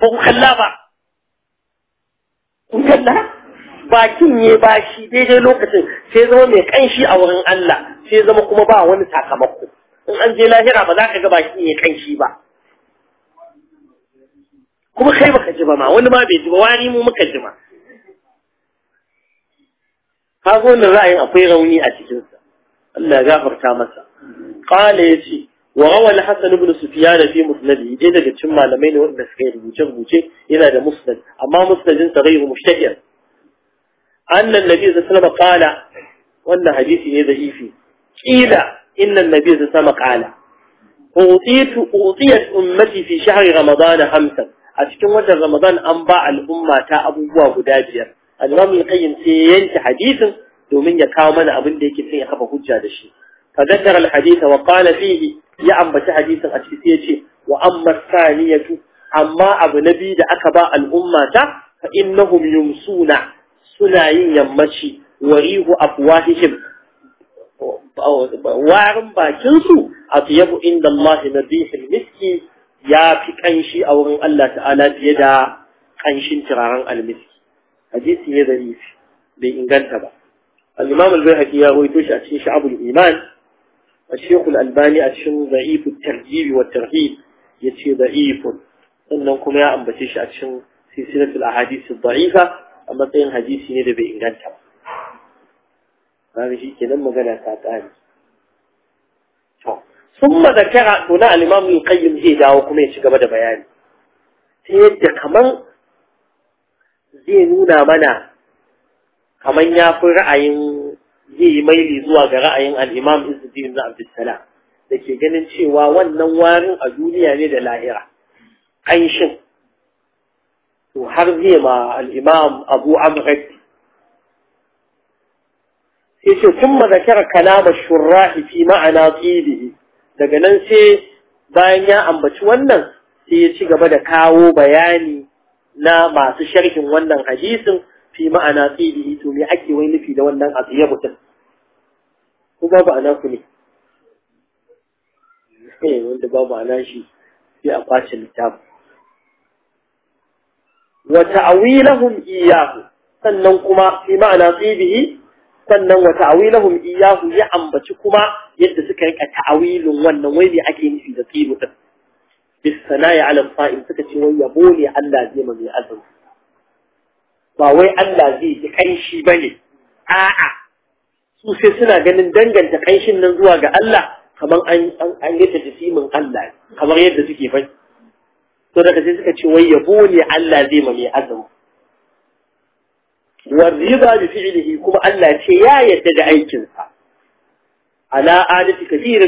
ko kalla ba in kalla bakin ya ba shi daidai lokacin sai zama mai kanshi a wurin Allah sai zama kuma ba wani sakamako in an je lahira ba za ka ga bakin ya kanshi ba kuma kai baka ji ba ma wani ma bai ji ba wani mu muka ji ma فقال الرأي أطير ونيئة الله جافر كامسا قال يتي وروى الحسن بن سفيان في مسنده جيدا قد شمع لمين وإن سخير وجه وجه إذا ده مسند أما مسند انت غير مشتهر أن النبي صلى الله عليه وسلم قال وأن حديثي إذا هي فيه إلا إن النبي صلى الله عليه وسلم قال أعطيت أمتي في شهر رمضان همسا أشكم وجه رمضان أنباء الأمة تأبوا وداجر al-imam al sai ya yanke hadisin domin ya kawo mana abin da yake son ya kafa hujja da shi fa zakara al wa qala fihi ya ambaci hadisin a cikin sai yace ce wa amma saniyatu amma abu na biyu da aka ba al'umma ta fa innahum yumsuna suna yin yammaci wa rihu afwahihim warin bakin su atyabu inda Allah nabihil miski ya fi kanshi a wurin Allah ta'ala fiye da kanshin turaren almiski حديث ne zarifi bai الإمام ba al-imam al-bayhaqi ya rawaito الشيخ الألباني أشي ضعيف الترجيب والترهيب يتشي ضعيف أنكم يا أم بتشي أتشن سلسلة الأحاديث الضعيفة أما تين حديث حديثي ندى بإنجانتا هذا شيء كلام مغانا تعتاني ثم ذكر هنا الإمام القيم زي داوكم يتشي قبل بياني سيد كمان zai nuna mana kamar ya fi ra'ayin zai yi maili zuwa ga ra'ayin al'imam za na Abdulsalam da ke ganin cewa wannan warin a duniya ne da lahira ƙanshin to har zai ma al'imam Abu amurai sai ce kun mazakar kalama shura fi ma'ana tsibihi daga nan sai bayan ya ambaci wannan sai ya ci gaba da kawo bayani na masu sharhin wannan hadisin fi ma'ana tsibihi to me ake wai nufi da wannan abu ya mutum ko babu ana ku ne eh, wanda babu ana shi sai a kwace littafin wa ta'wilahum iyyahu sannan kuma fi ma'ana tsibihi sannan wa ta'wilahum iyyahu ya ambaci kuma yadda suka rika ta'awilin wannan wai me ake nufi da tsibihi bisana'i ala sa'im suka ce wai yabo ne Allah zai mai azumi ba wai Allah zai yi ƙanshi ba ne. a'a su sai suna ganin danganta ƙanshin nan zuwa ga Allah kamar an yi yadda jisimin Allah kamar yadda suke faɗi to daga sai suka ce wai yabo ne Allah zai mai azumi والرضا بفعله كما الله تيا يدد عيكنسا على kafirin كثير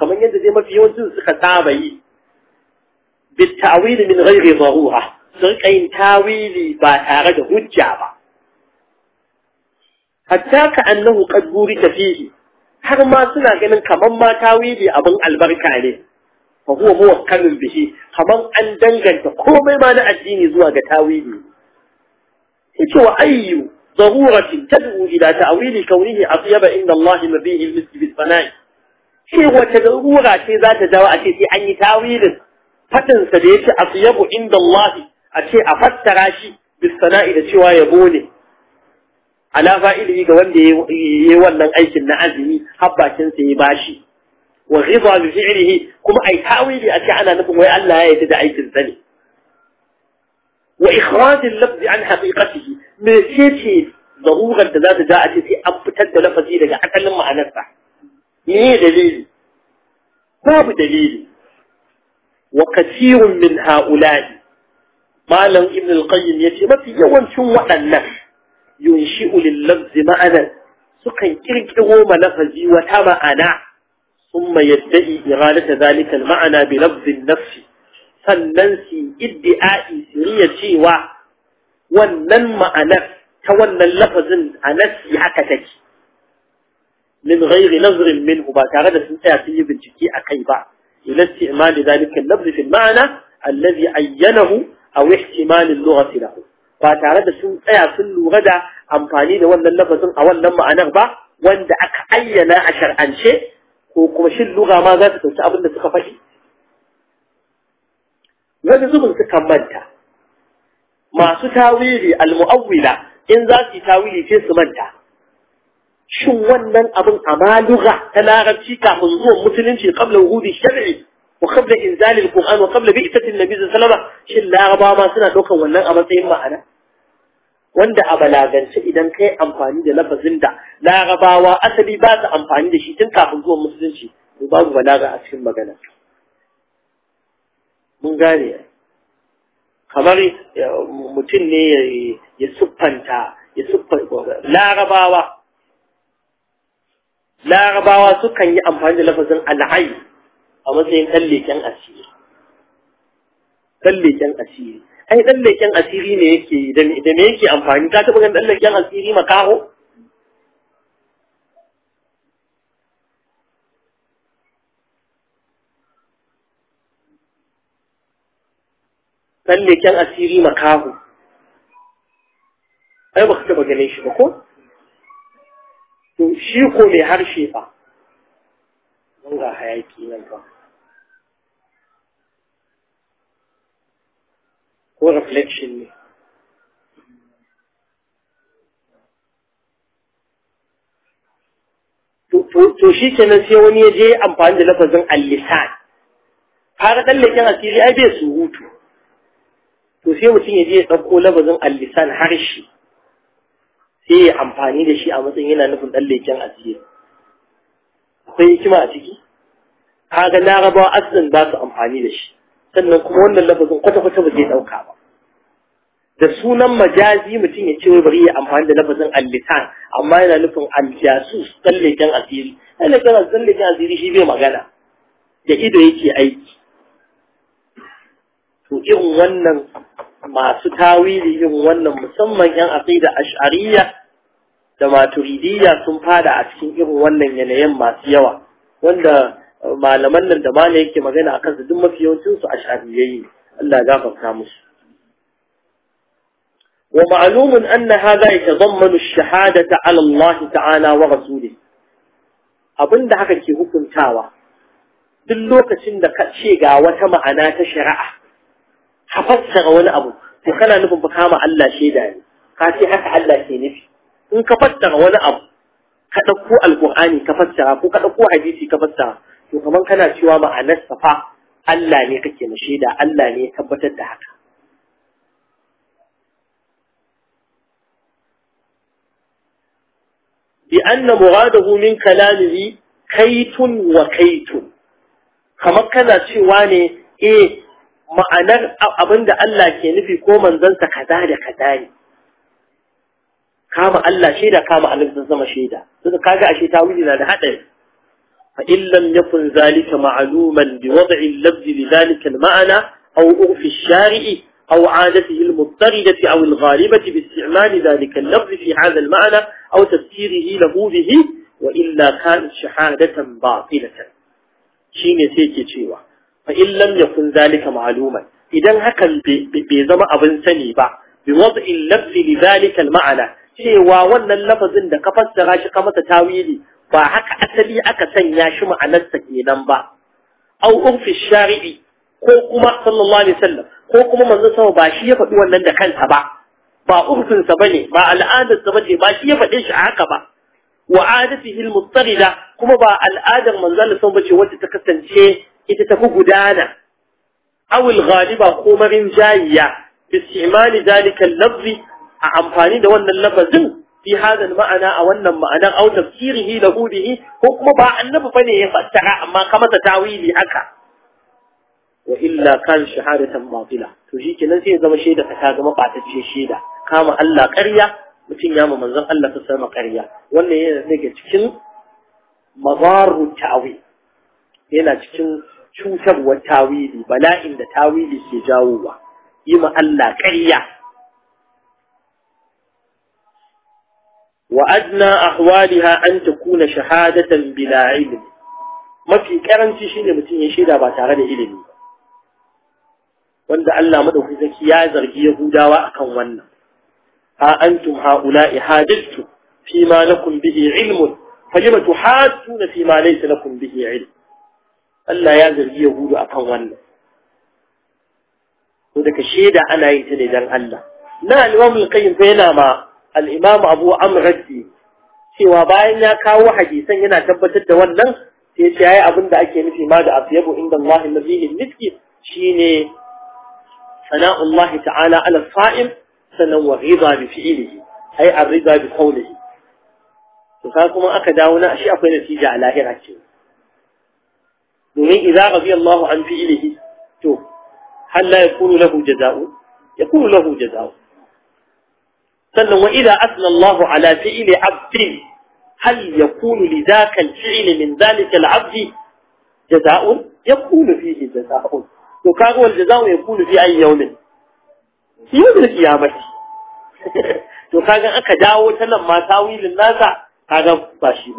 kamar yadda zai mafi في يوم سنسخ تابعي بالتأويل من غير ضرورة سرقين تاويلي باتارد هجابا حتى كأنه قد بورك فيه har ma suna كمان kaman ma tawili abin albarka ne fa huwa muwakkalun bihi kaman an danganta komai ma na addini zuwa ga tawili ضرورة تدعو إلى تأويل كونه أطيب إن الله مبيه المسجد بالفنائي شيء تدعوه شيء ذات جواء شيء أن تاويل fatansa da yace atyabu inda Allah a ce a fassara shi bisana'i da cewa yabo ne ala fa'ilihi ga wanda yayi wannan aikin na azumi habbakin sa ya bashi wa ghidha bi fi'lihi kuma ai tawili a ce ana nufin wai Allah ya yarda da aikin sa ne wa ikhraj al-lafz an haqiqatihi me ce zarurar da za ta ja a ce sai an fitar da lafazi daga asalin ma'anarsa me dalili babu dalili وكثير من هؤلاء ما لم ابن القيم يتمت يوم شو ينشئ للفظ معنا سكن كركو ملفظ وتما أنا ثم يدعي إغالة ذلك المعنى بلفظ النفس فالننس ادعاء سرية شيوة والنم أنا تولى اللفظ أنس حكتك من غير نظر منه باكارة سنتعطيه بالجكي أكيبا إلى استعمال ذلك اللفظ في المعنى الذي عينه أو احتمال اللغة له فتعرض سوء في اللغة دا أمفاني دا وانا اللفظ أولا معنى با وانا أكعينا أشر عن شيء شي اللغة ما ذات تتعبن تخفشي wanda zubin suka manta masu tawili almu'awwila in za su tawili sai في manta shin wannan abin a maluga ta larabci kafin zuwan musulunci qabla wuhudi shar'i wa qabla inzal alquran wa qabla bi'tati annabi sallallahu alaihi wasallam shin laraba ma suna daukan wannan a matsayin ma'ana wanda a balagance idan kai amfani da lafazin da larabawa asali ba ta amfani da shi tun kafin zuwan musulunci to babu balaga a cikin magana mun gane kamar mutum ne ya siffanta ya siffanta larabawa larabawa sukan yi amfani da lafazin al'ayi a matsayin ɗan asiri ɗan leken asiri ai ɗan leken asiri ne yake yi da me yake amfani ka taɓa ganin ɗan leken asiri makaho ɗan leken asiri makaho ai ba ka taɓa ganin shi ba ko to shi ko mai harshe ba, mun ga hayaki nan ba. ko reflection ne to shi nan sai wani ya je amfani da lafazin al fara dallakin asiri ai bai su hutu. to sai mutum ya je ya ɗauko lafazin al harshe sai ya amfani da shi a matsayin yana nufin ɗan leken asiri akwai hikima a ciki kaga larabawa asirin ba su amfani da shi sannan kuma wannan lafazin kwata-kwata ba zai ɗauka ba da sunan majazi mutum ya ce wai bari ya amfani da lafazin allitan amma yana nufin aljasus leken asiri Ɗan leken asiri shi bai magana da ido yake aiki to irin wannan masu tawili yin wannan musamman yan aqida ash'ariyya da maturidiyya sun fada a cikin irin wannan yanayin masu yawa wanda uh, malaman nan da mana yake magana akan su duk mafi yawancin su ash'ariyyai Allah ya gafarta musu ومعلوم أن هذا يتضمن shahadata على الله تعالى ورسوله abin da haka ke hukuntawa duk lokacin da ka ce ga wata ma'ana ta shari'a ka fassara wani abu to kana nufin ba kama Allah shaida ne ka ce haka Allah ke nufi in ka fassara wani abu ka ɗauko alƙur'ani ka fassara ko ka ɗauko hadisi ka fassara to kamar kana cewa ma'anar safa Allah ne kake na shaida Allah ne ya tabbatar da haka bi anna muradahu min kalamihi kaitun wa kaitun kamar kana cewa ne eh ma'anar abinda Allah ke nufi ko manzansa kaza da kaza ne kama Allah shaida kama Allah sun zama shaida suka kaga ashe ta tawili na da hadari fa illam yakun zalika ma'luman bi wad'i al-lafz li zalika al-ma'na aw ufi al-shari'i aw 'adatihi al-muttaridati aw al-ghalibati bi isti'mal zalika al-lafz fi hadha al-ma'na aw tafsirihi lahu bihi wa illa kan shahadatan batilatan shine sai ke cewa فإن لم يكن ذلك معلوما إذا هكا بيزم أبن سنيبا بوضع اللفظ لذلك المعنى شيء واوان اللفظ عندك فاستغاش قمة تاويلي فهكا أسلي أكا سنياش معنى السكينا با أو أغف الشارعي قوكما صلى الله عليه وسلم قوكما من نصر باشية فإن لن دخل تبع با أغف سبني با الآن السبني باشية فإيش عاك با وعادته المضطردة كما با الآدم من ذلك سنبتي وانت تكسن شيء ita ta gudana aw al ghaliba ko marin jayiya istimali zalika lafzi a amfani da wannan lafazin fi hadal ma'ana a wannan ma'anar aw tafsirihi lahu bihi ko kuma ba annabi bane ya fassara amma ka masa tawili haka wa illa kan shahadatan batila to shi kenan sai ya zama shaida ta zama batacce shaida kama Allah ƙarya mutum ya ma manzon Allah ta sama ƙarya wannan yana daga cikin mazaru ta'awi yana cikin cutar wa tawili bala'in da tawili ke jawowa yi ma Allah ƙarya wa adna ahwaliha an takuna shahadatan bila ilm mafi karanci shine mutum ya shaida ba tare da ilimi ba wanda Allah madauki zaki ya zargi Yahudawa akan wannan ha antum haula'i hadithu fi ma lakum bihi ilmun fajima tuhajjuna fi ma laysa lakum bihi ilm Allah ya zargi Yahudu akan wannan to daga shaida ana yin ta ne dan Allah na al-Imam al-Qayyim fa yana ma al-Imam Abu Amr Raddi cewa bayan ya kawo hadisan yana tabbatar da wannan sai ya ce yayi abin da ake nufi ma da afyabu inda Allah mazihi miski shine sana'ullah ta'ala ala sa'im sanan wa ghidha bi fi'lihi ai ar-ridha bi qawlihi to kuma aka dawo na shi akwai natija a lahira kenan من إذا رضي الله عن فعله هل لا يكون له جزاء يكون له جزاء سلم وإذا أثنى الله على فعل عبد هل يكون لذاك الفعل من ذلك العبد جزاء يكون فيه جزاء وكان هو الجزاء يكون في أي يوم في يوم القيامة وكان أكا جاء وسلم ما تاوي للناس هذا باشي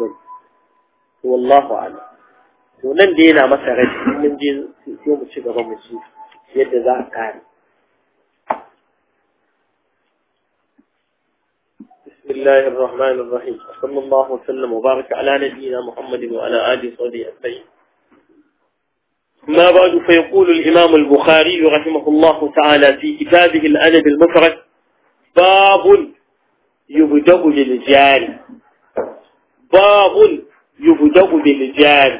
والله أعلم to nan da yana masa rai mun je sai mu ci gaba mu ci yadda za a kare بسم الله الرحمن الرحيم صلى الله وسلم وبارك على نبينا محمد وعلى آله وصحبه أجمعين ما بعد فيقول الإمام البخاري رحمه الله تعالى في كتابه الأدب المفرد باب يبدأ بالجار باب يبدأ بالجار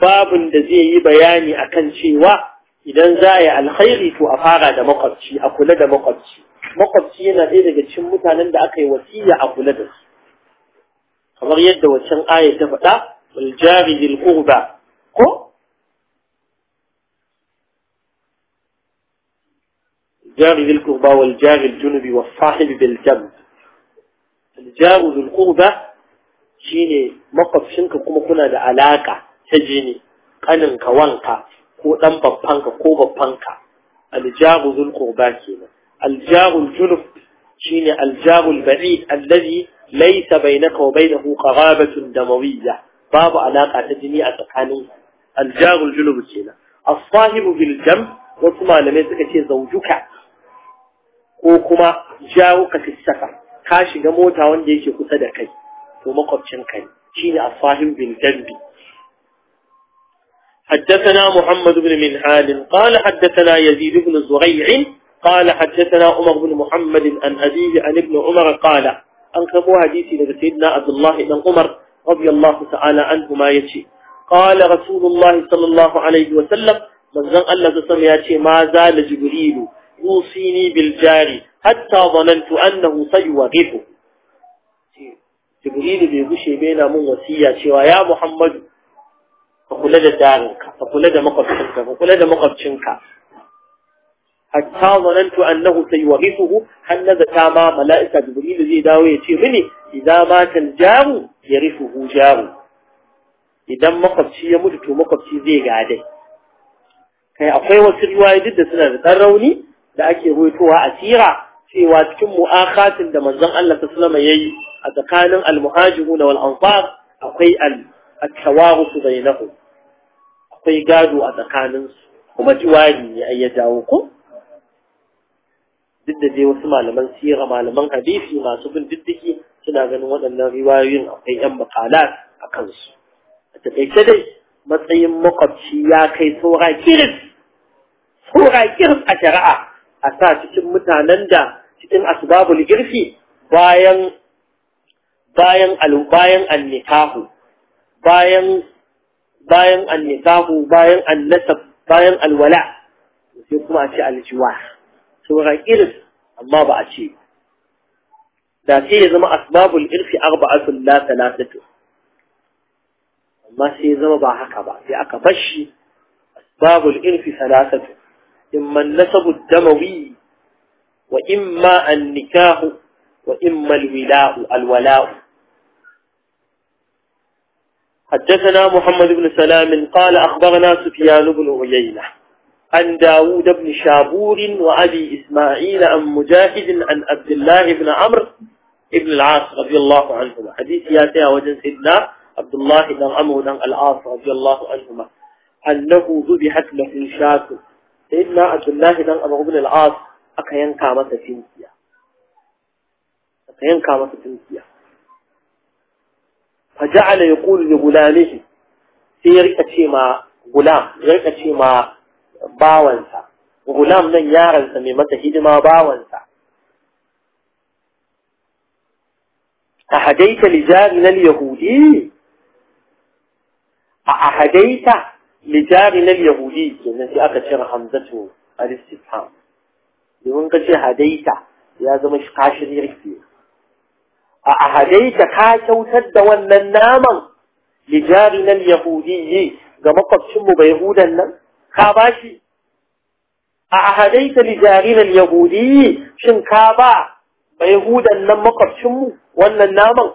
babun da zai yi bayani akan cewa idan za a yi alkhairi to a fara da makwabci a kula da makwabci makwabci yana ɗaya daga cikin mutanen da aka yi wasiya a kula da su kamar yadda waccan aya ta faɗa wal jari lil qurba ko jari lil qurba wal jari al junubi wa sahibi bil jamb al jari lil qurba shine makwabcinka kuma kuna da alaka ta jini kaninka wanka ko dan babbanka ko babbanka aljaru zul qurba kenan aljarul junub shine aljarul ba'id allazi laysa bainaka wa bainahu qarabatun damawiyya babu alaka ta jini a tsakanin aljarul junub kenan as-sahibu bil jam wasu malamai suka ce zaujuka ko kuma jawo ka saka ka shiga mota wanda yake kusa da kai to makwabcin kai shine as-sahib bil jambi حدثنا محمد بن منهال قال حدثنا يزيد بن زريع قال حدثنا عمر بن محمد عن أبيه عن ابن عمر قال أنكبوا حديثي لسيدنا عبد الله بن عمر رضي الله تعالى عنهما يشي قال رسول الله صلى الله عليه وسلم manzon Allah ta sama ya ce ma za la jibrilu yusini bil jari hatta zanantu annahu sayuwaqifu jibrilu bai gushe bai na mun wasiya cewa ya muhammadu ka kula da jarinka ka kula da makwabcinka ka kula da makwabcinka hatta zanantu annahu sayuwarithuhu har na zata ma mala'ika jibrilu zai dawo ya ce mini idan matan jaru yarithuhu jaru idan makwabci ya mutu to makwabci zai gade kai akwai wasu riwayoyi duk da suna da dan rauni da ake ruwaitowa a sira cewa cikin mu'akhatin da manzon Allah ta sallama yayi a tsakanin al-muhajiruna wal ansar akwai al-tawarus bainahum akwai gado a tsakaninsu kuma jiwari ne ai ya jawo ko duk da dai wasu malaman sira malaman hadisi masu bin diddiki suna ganin waɗannan riwayoyin akwai yan makala a kansu a taƙaice dai matsayin makwabci ya kai saura kiris tsora kiris a shari'a a sa cikin mutanen da cikin asbabul girfi bayan bayan al bayan annikahu bayan bayan annikahu bayan annasab bayan alwala sai kuma a ce aljiwa to ga irin amma ba a ce da sai ya zama asbabul irfi arba'atun la talatatu amma sai ya zama ba haka ba sai aka bashi asbabul irfi talatatu imma nasabu damawi wa imma annikahu wa imma alwila'u alwala'u حدثنا محمد بن سلام قال أخبرنا سفيان بن عيينة عن داود بن شابور وأبي إسماعيل عن مجاهد عن عبد الله بن عمرو بن العاص رضي الله عنهما حديث ياتيها وجن سيدنا عبد الله بن عمرو بن العاص رضي الله عنهما أنه ذبحت له شاة سيدنا عبد الله بن عمرو بن العاص أكا ينكا مسا تنكيا أكا ينكا فجعل يقول لغلامه في ركتي ما غلام ركتي ما باوانسا غلام من يارنسا من متهد ما باوانسا أحديت لجار اليهودي أحديت لجارنا اليهودي لأنه أكثر حمزته على الاستفهام لأنه أحديت يا زمش قاشر يركيه a ahadaita ka kyautar da wannan naman lijari nan yahudiyyi ga makwabcinmu ba yahudan nan ka bashi a ahadaita lijari nan yahudiyyi shin ka ba ba yahudan nan makwabcinmu wannan naman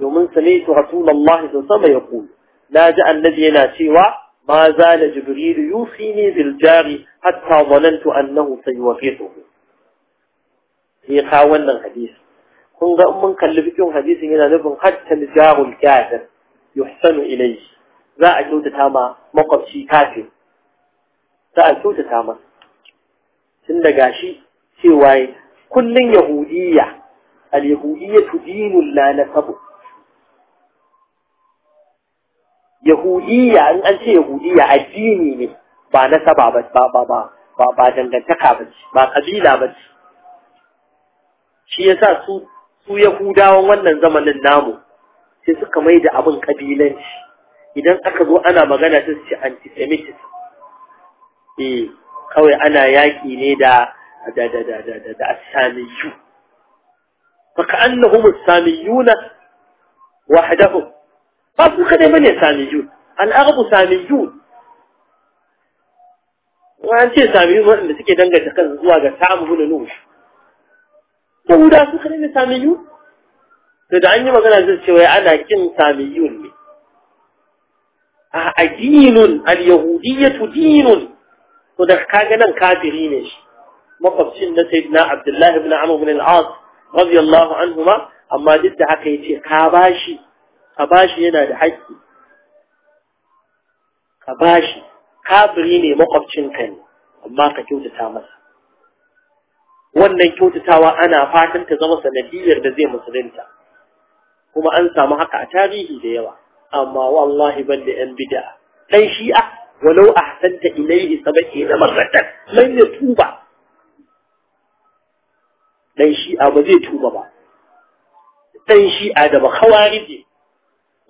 domin sami'tu rasulullahi sallallahu alaihi wasallam yaqul naji annabi yana cewa ما زال جبريل يوصيني بالجار حتى ظننت أنه سيوافقه في قاولنا الحديث kun ga mun kalli fikin hadisin yana nufin hatta jarul kafir yuhsanu ilayhi za a kyautata ma makwabci kafir za a kyautata ma tun da gashi cewa kullun yahudiyya al-yahudiyyatu dinun la nasabu yahudiyya in an ce yahudiyya addini ne ba nasaba ba ba ba ba ba dangantaka ba ba kabila ba shi yasa su su yahudawan wannan zamanin namu sai suka mai da abin kabilanci idan aka zo ana magana sai su ce antisemitism eh kawai ana yaƙi ne da da da da da da da asamiyu fa ka'annahum asamiyuna wahdahum ba su kadai bane samiyu al-arabu wa an ce samiyun wanda suke danganta kan zuwa ga samu bin nuhu yahuda su kare ne samiyu to da an yi magana zai ce wai ana kin samiyu ne a addinin al-yahudiyyatu dinun to da kaga nan kafiri ne shi makwabcin na sayyidina abdullahi ibn amr ibn al-as radiyallahu anhuma amma duk da haka yace ka bashi ka bashi yana da haƙƙi ka bashi kafiri ne makwabcin ka ne amma ka kyautata masa wannan kyautatawa ana fatan ta zama sanadiyar da zai musulunta kuma an samu haka a tarihi da yawa amma wallahi ban da yan bid'a dan shi'a walau ahsanta ilayhi sabaki da marratan mai ne tuba dan shi'a ba zai tuba ba dan shi'a da bakhawarije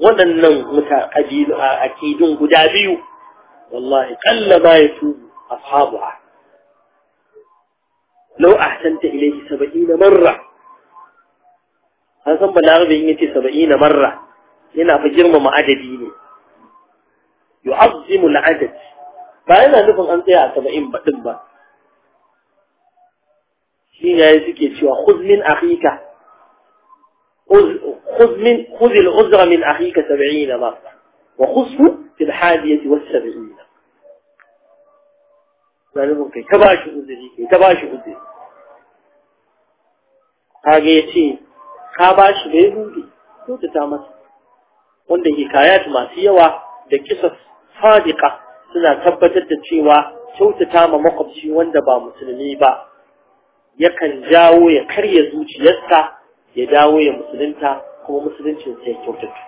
waɗannan a akidun guda biyu wallahi kallaba ba ya tubu ashabuha lau ahsanta ilayhi 70 marra an san balarabe in yace 70 marra yana fa girmama adadi ne yu'azzimu al'adad ba yana nufin an tsaya a 70 badin ba shi ne suke cewa khudh min akhika خذ من خذ العذر من أخيك سبعين مرة وخذه في الحادية zalimin kai ta bashi uzuri kai ta bashi uzuri ya ce ka bashi bai hudu ko ta masa wanda hikayat masu yawa da kisa sadiqa suna tabbatar da cewa kyautata ma makwabci wanda ba musulmi ba yakan jawo ya karya zuciyarsa ya dawo ya musulunta kuma musuluncin sai kyautata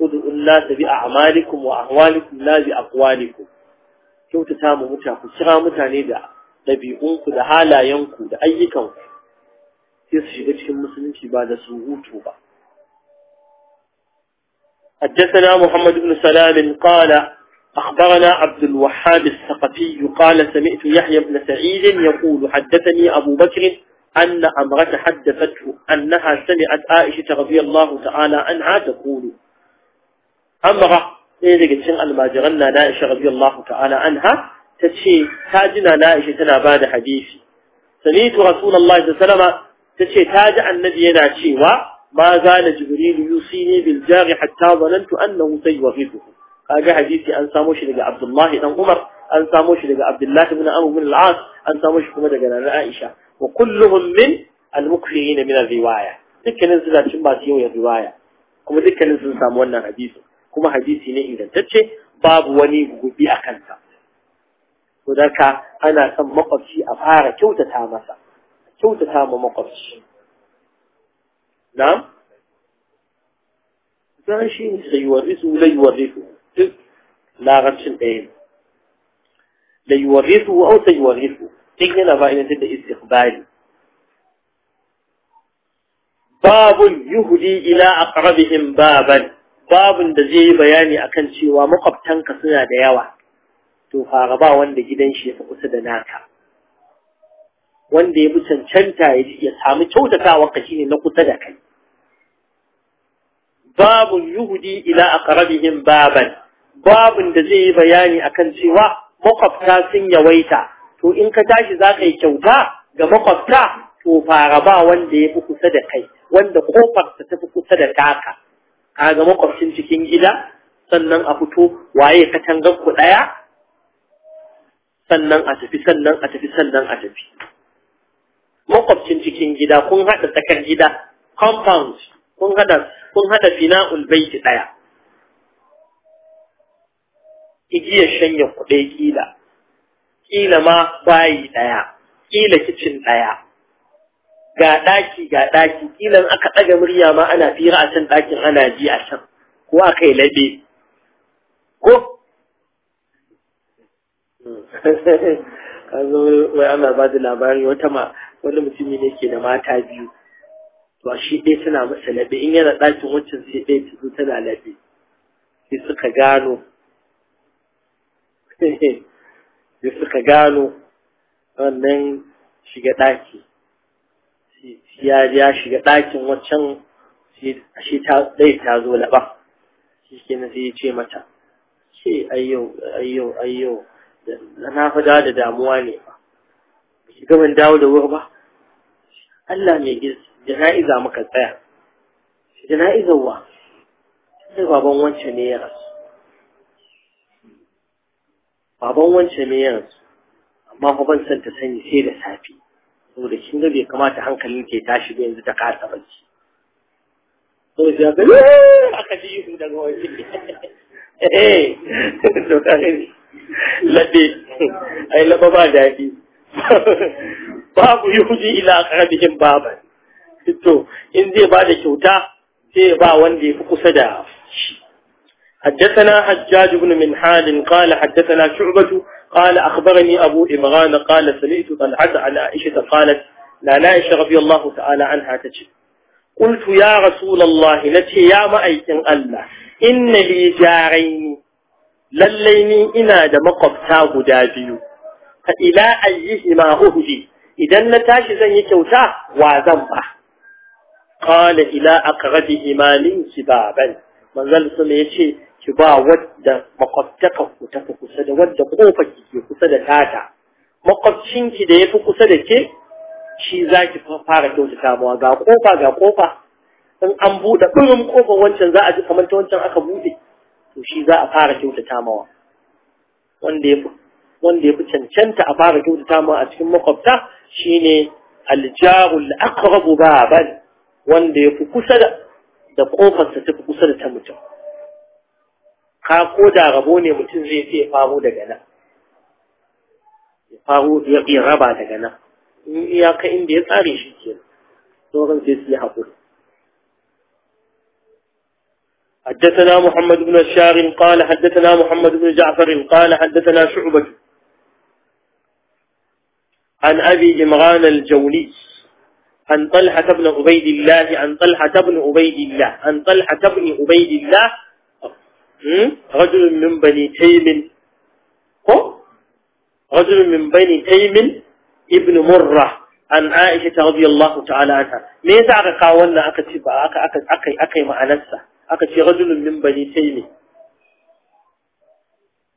ud'u Allah bi a a'malikum wa ahwalikum la bi aqwalikum kyauta samu muta ku kira mutane da ɗabi'unku da halayenku da ayyukanku sai su shiga cikin musulunci ba da surutu ba حدثنا محمد بن سلام قال أخبرنا عبد الوهاب الثقفي قال سمعت يحيى بن سعيد يقول حدثني أبو بكر أن أمرة حدثته أنها سمعت عائشة رضي الله تعالى عنها تقول أمرة ɗaya daga cikin almajiran na Aisha radiyallahu ta'ala anha ta ce ta ji na Aisha tana ba da hadisi samitu rasulullahi sallallahu alaihi ta ce ta ji annabi yana cewa ma zala jibril yusini bil jari hatta zanantu annahu sayuhidu kaga hadisi an samo shi daga Abdullahi dan Umar an samo shi daga Abdullahi ibn Amr ibn al-As an samo shi kuma daga Nana Aisha wa kulluhum min al-mukfiyin min al-riwaya dukkanin su da cin ba su yau riwaya kuma dukkanin sun samu wannan hadisi kuma hadisi ne ingantacce babu wani gubi a kansa to daga ana san makwabci a fara kyautata masa kyautata ma makwabci na'am dan shi ne sai yuwarrisu la yuwarrisu la larabcin ɗaya ne la yuwarrisu au sai yuwarrisu din yana ba ina tada istiqbali باب يهدي إلى أقربهم بابا babin da zai yi bayani akan cewa makwabtanka suna da yawa to fara ba wanda gidan shi ya kusa da naka wanda ya fi cancanta ya samu kyautatawa ka shine na kusa da kai babun yuhudi ila aqrabihim baban babin da zai yi bayani akan cewa makwabta sun yawaita to in ka tashi za ka yi kyauta ga makwabta to fara ba wanda ya fi kusa da kai wanda kofarsa ta fi kusa da taka kaga makwabcin cikin gida sannan a fito waye ka tangar ku daya sannan a tafi sannan a tafi sannan a tafi makwabcin cikin gida kun hada tsakar gida compound kun hada kun hada fina'ul baiti daya igiyar shanya kuɗai kila kila ma bayi daya kila kicin daya ga ɗaki ga ɗaki kilan aka ɗaga murya ma ana fira a can ɗakin ana ji a can ko aka yi laɓe ko wai ana ba da labari wata ma wani mutumi ne ke da mata biyu to shi ɗaya tana masa laɓe in yana ɗakin wancan sai ɗaya ta zo tana laɓe sai suka gano sai suka gano wannan shiga ɗaki ya ya shiga ɗakin waccan shi ta ɗai ta zo laɓa shi ke na sai ce mata ke ayyau ayyau ayyau na fi da da damuwa ne ba ki gaban dawo da wuri ba Allah mai giz jana'iza muka tsaya jana'izar wa sai baban wancan ne ya rasu baban wancan ne ya rasu amma fa ban san ta sani sai da safi saboda kin ga bai kamata hankalin ke tashi ba yanzu ta kasa bacci to ya ga eh, aka ji su daga waje eh to ne labe ai laba ba dadi babu yuji ila aqrabihim baba to in zai ba da kyauta sai ba wanda ya fi kusa da حدثنا حجاج بن منحال قال حدثنا شعبة قال أخبرني أبو إمران قال سمعت طلعة على عائشة قالت لا عائشة رضي الله تعالى عنها تجد قلت يا رسول الله نتي يا مأيت الله إن لي جارين لليني إنا دمقبتا هدابي فإلى أيهما أهدي إذا نتاش زي كوتا وذنبه قال إلى أقربهما لي سبابا manzal sama ya ki ba wadda makwabtaka ku ta fi kusa da wadda kofar ki ke kusa da tata ki da ya fi kusa da ke shi za ki fara kyautata mawa ga kofa ga kofa in an buɗe ɗurin kofar wancan za a ji kamar ta wancan aka buɗe to shi za a fara kyauta mawa wanda ya fi wanda ya fi cancanta a fara kyauta mawa a cikin makwabta shine ba a baban wanda ya fi kusa da da kofarsa ta fi kusa da ta mutum ka ko da rabo ne mutum zai ce faro daga nan ya faro ya raba daga nan in iyaka inda ya tsare shi ke sauran sai su yi haƙuri حدثنا محمد بن الشار قال حدثنا محمد بن جعفر قال حدثنا شعبة عن أبي إمران الجولي عن طلحة بن عبيد الله عن طلحة بن عبيد الله عن طلحة بن عبيد الله Hmm? rajulun min bani taimin ko rajulun min bani taimin ibn murra an aisha ta radiyallahu ta'ala anha me yasa aka kawo wannan aka ce aka aka aka aka ma'anarsa aka ce bani taimin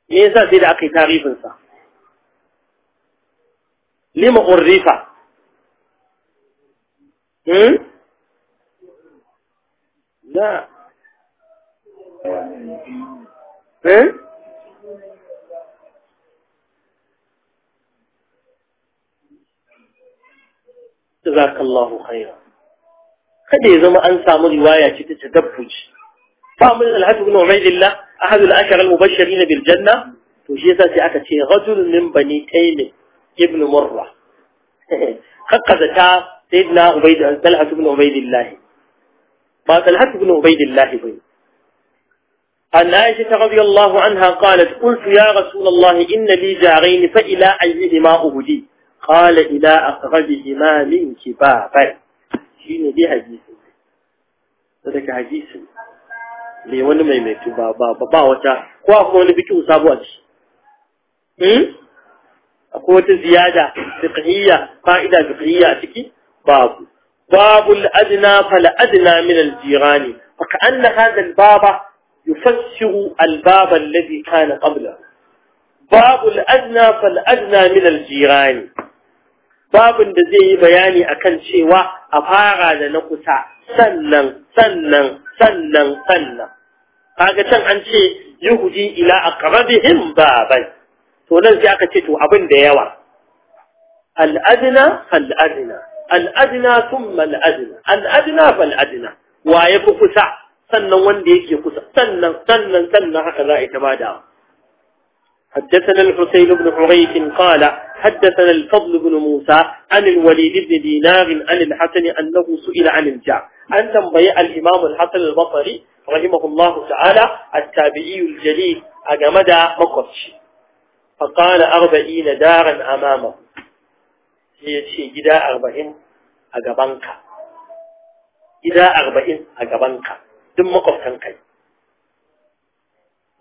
me yasa sai da aka yi tarifinsa sa lima Eh? Jazakallahu khaira. Kada ya zama an samu riwaya ce ta tadabbuci. Fa min al-hadu ibn Ubaydillah ahad al-ashara al-mubashirin bil janna to shi yasa sai aka ce rajul min bani Taym ibn Murra. Hakkaza ta sayyidina Ubayd al-Talha ibn Ubaydillah. Ba Talha ibn Ubaydillah bane. عن عائشة رضي الله عنها قالت قلت يا رسول الله إن لي جارين فإلى أيهما أهدي قال إلى أقربهما منك بابا شين دي حديث ذلك حديث لي وانا ما يميت بابا بابا وتا قواه وانا بيكي أصابوه قوة زيادة فقهية فائدة فقهية تكي باب باب الأدنى فالأدنى من الجيران وكأن هذا البابا يفسر الباب الذي كان قبله باب الأدنى فالأدنى من الجيران باب الذي بياني أكن شيوى أفارد نقطع سنن سنن سنن سنن فأكتن عن شيء يهدي إلى أقربهم بابا فنزع كتو أبن ديوى الأدنى فالأدنى الأدنى ثم الأدنى الأدنى فالأدنى ويبقى فسع sannan wanda yake kusa sannan sannan sannan haka za a yi ta حدثنا الحسين بن حريث قال حدثنا الفضل بن موسى عن الوليد بن دينار عن الحسن أنه سئل عن الجع أن تنبيع الإمام الحسن البصري رحمه الله تعالى التابعي الجليل أجمد مقرش فقال أربعين دارا أمامه يتي جدا أربعين أجبانك جدا أربعين أجبانك duk makwabtan kai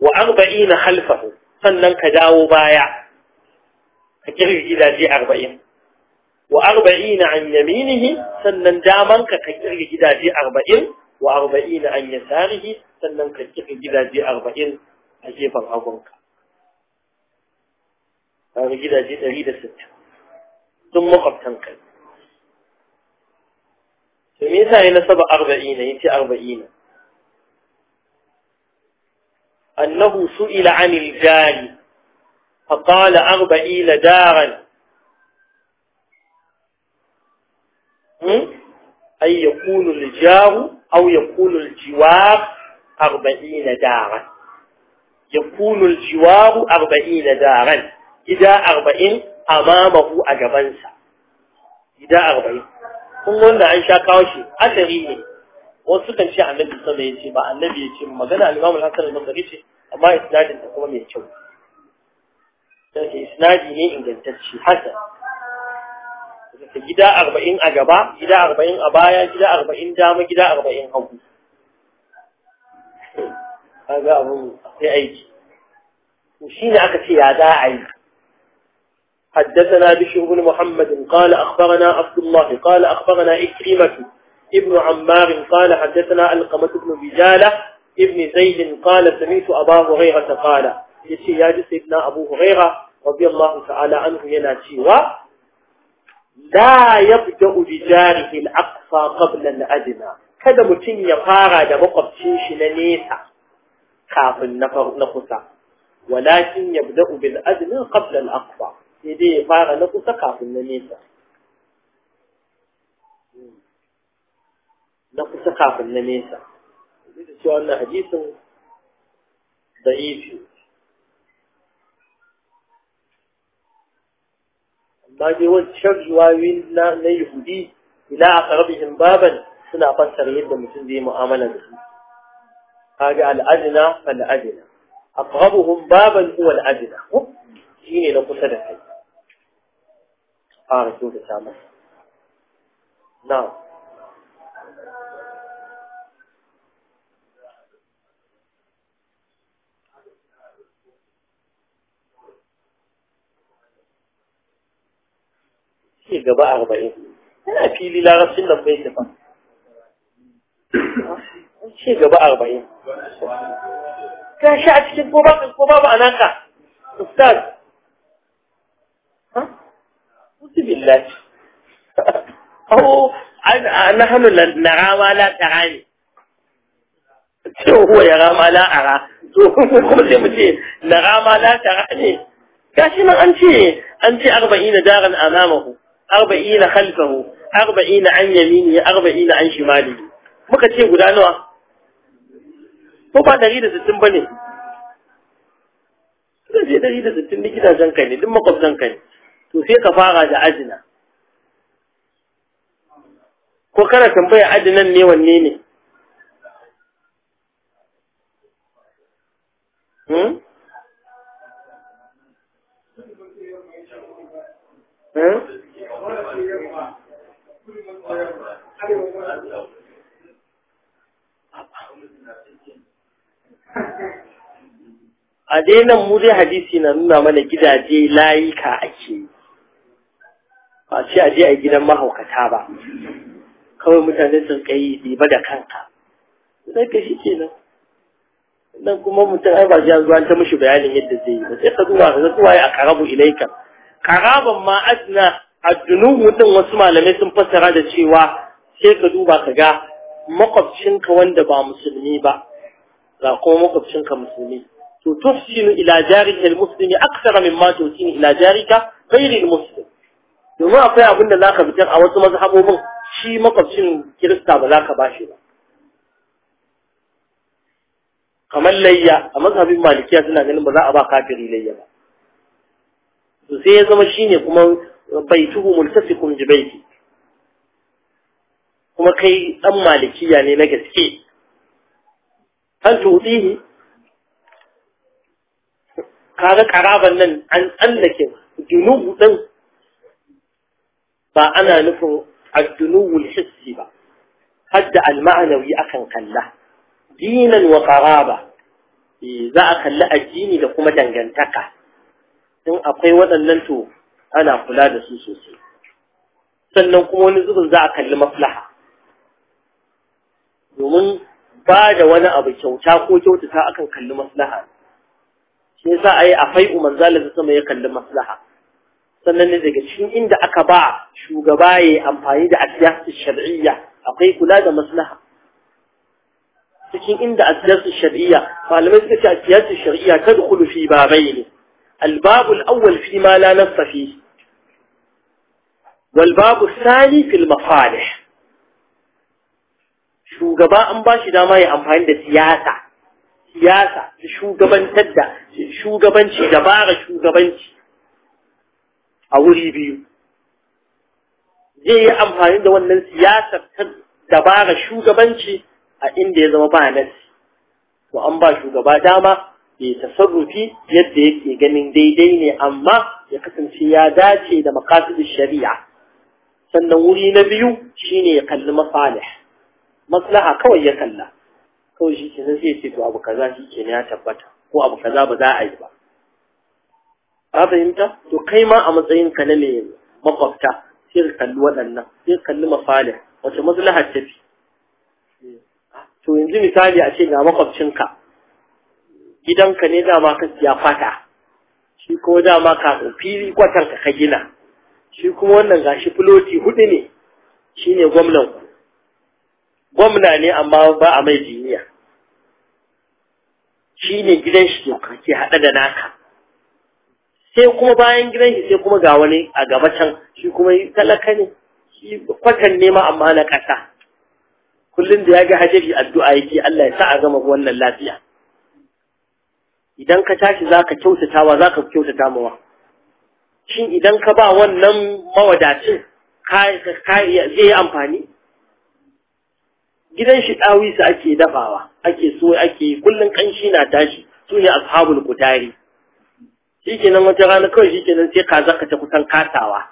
wa arba'ina halfahu sannan ka dawo baya ka kirga gidaje 40 wa arba'ina an yaminihi sannan daman ka ka kirga gidaje 40 wa arba'ina an yasarihi sannan ka kirga gidaje 40 a gefen hagunka kaga gidaje 160 duk makwabtan kai to me yasa ya nasaba arba'ina yace arba'ina أنه سئل عن الجاني فقال أربعين دارا أي يكون الجار أو يكون الجوار أربعين دارا يكون الجوار أربعين دارا إذا أربعين أمامه أجبنسا إذا أربعين kun wanda an sha kawo wasu kan ce annabi sama ya ce ba annabi ya ce magana al-imam al-hasan al-basri ce amma isnadin ta kuma mai kyau sai isnadi ne ingantacce hasan daga gida 40 a gaba gida 40 a baya gida arba'in dama gida 40 hagu kaga abu sai aiki to shine aka ce ya za a yi حدثنا بشر بن محمد قال أخبرنا عبد الله قال أخبرنا إكريمة ابن عمار قال حدثنا القمة بن بجالة ابن زيد قال سمعت أبا هريرة قال يتي يا سيدنا أبو هريرة رضي الله تعالى عنه يناتي لا يبدأ بجاره الأقصى قبل الأدنى kada mutum ya fara da makwabcin shi na nesa kafin na kusa walakin yabda'u bil adna qabla al aqsa sai dai ya fara na kusa kafin na nesa نقص ثقافة النميسة يريد سؤالنا حديث ضعيف ما دي وان شر جواوين لا نيهودي إلى أقربهم بابا سنع بسر يد مثل ذي مؤاملة هذا الأدنى فالأدنى أقربهم بابا هو الأدنى هيني نقص ثقافة آه رسول الله نعم ce gaba arba'in yana fili larabcin nan bai tafa an ce gaba arba'in ka shi a cikin ko babu a naka ustaz ha mutu billahi nahnu أو نحن نرى ما لا تراني هو يرى ما لا أرى كل متي نرى ما لا تراني كاشي ما أنت أنت 40 daran أمامه arba'ina khalfahu arba'in an yamini arba'in an shimali muka ce guda nawa ko ba 160 bane suka ce 160 ne gidajen kai ne duk makwabtan kai ne to sai ka fara da ajina ko kana tambaya ajinan ne wanne ne hmm? hmm? a dai nan mu dai hadisi na nuna mana gidaje layika ake ba sai a je a gidan mahaukata ba kawai mutane sun kai ba da kanka sai ka shi kenan nan kuma mutum ai ba ji an zuwa ta mushi bayanin yadda zai yi ba sai ka zuwa ka zuwa a karabu ilaika karaban ma adna addunuhu mutum wasu malamai sun fassara da cewa sai ka duba ka ga makwabcinka wanda ba musulmi ba ga kuma makwabcinka musulmi to tuhsinu ila jarika almuslimi akthara mimma tuhsinu ila jarika ghairi almuslim domin akwai abinda da zaka fitar a wasu mazhabobin shi makwabcin kirista ba zaka bashi ba kamar layya a mazhabin malikiya suna ganin ba za a ba kafiri layya ba to sai ya zama shine kuma baituhu multasikum bi baiti kuma kai dan malikiya ne na gaske an tudihi kaga karaban nan an tsallake junubu din ba ana nufin addunubu hissi ba hadda al-ma'anawi akan kalla dinan wa karaba e, za a kalli addini da kuma dangantaka in akwai waɗannan to ana kula da su sosai sannan kuma wani zubin za a kalli maslaha domin ba da wani abu kyauta ko kyautata akan kalli maslaha sai ay a yi a fai'u sama ya kalli maslaha sannan ne daga cikin inda aka ba shugaba ya amfani da asiyasa shar'iyya akwai kula da maslaha cikin inda asiyasa shar'iyya malamai suka ce asiyasa shar'iyya ta dukulu fi babaini الباب الأول فيما لا نص فيه والباب الثاني fi المصالح shugaba an ba shi dama ya amfani da siyasa siyasa su shugabantar da shugabanci dabara shugabanci a wuri biyu zai yi amfani da wannan siyasar ta dabara shugabanci a inda ya zama ba nasi to an ba shugaba dama ya tasarrufi yadda yake ganin daidai ne amma ya kasance ya dace da makasudin shari'a sannan wuri na biyu shine ya kalli masalih maslaha kawai ya kalla kawai shi kenan sai ce to abu kaza shi kenan ya tabbata ko abu kaza ba za a yi ba ka fahimta to kai ma a matsayin ka na mai makwabta sai ka kalli waɗannan sai ka kalli mafalin wace maslaha ta fi to yanzu misali a ce ga makwabcinka gidanka ne dama ka siya fata shi ko dama ka fili kwatanka ka gina shi kuma wannan gashi filoti hudu ne shine gwamnan ku gwamna ne amma ba a mai jiniya shi ne gidan shi ke haɗa da naka sai kuma bayan gidan shi sai kuma ga wani a gaba can shi kuma yi talaka ne shi kwatan nema amma na ƙasa kullum da ya ga hajjaji addu'a yake Allah ya sa a gama wannan lafiya idan ka tashi za ka wa za ka kyautata mawa shin idan ka ba wannan mawadacin zai yi amfani gidan shi ɗawisa ake dafawa ake so ake kullum ƙanshi na tashi su ne ashabul kutari shikenan wata rana kawai shikenan sai kaza ka ta kusan kasawa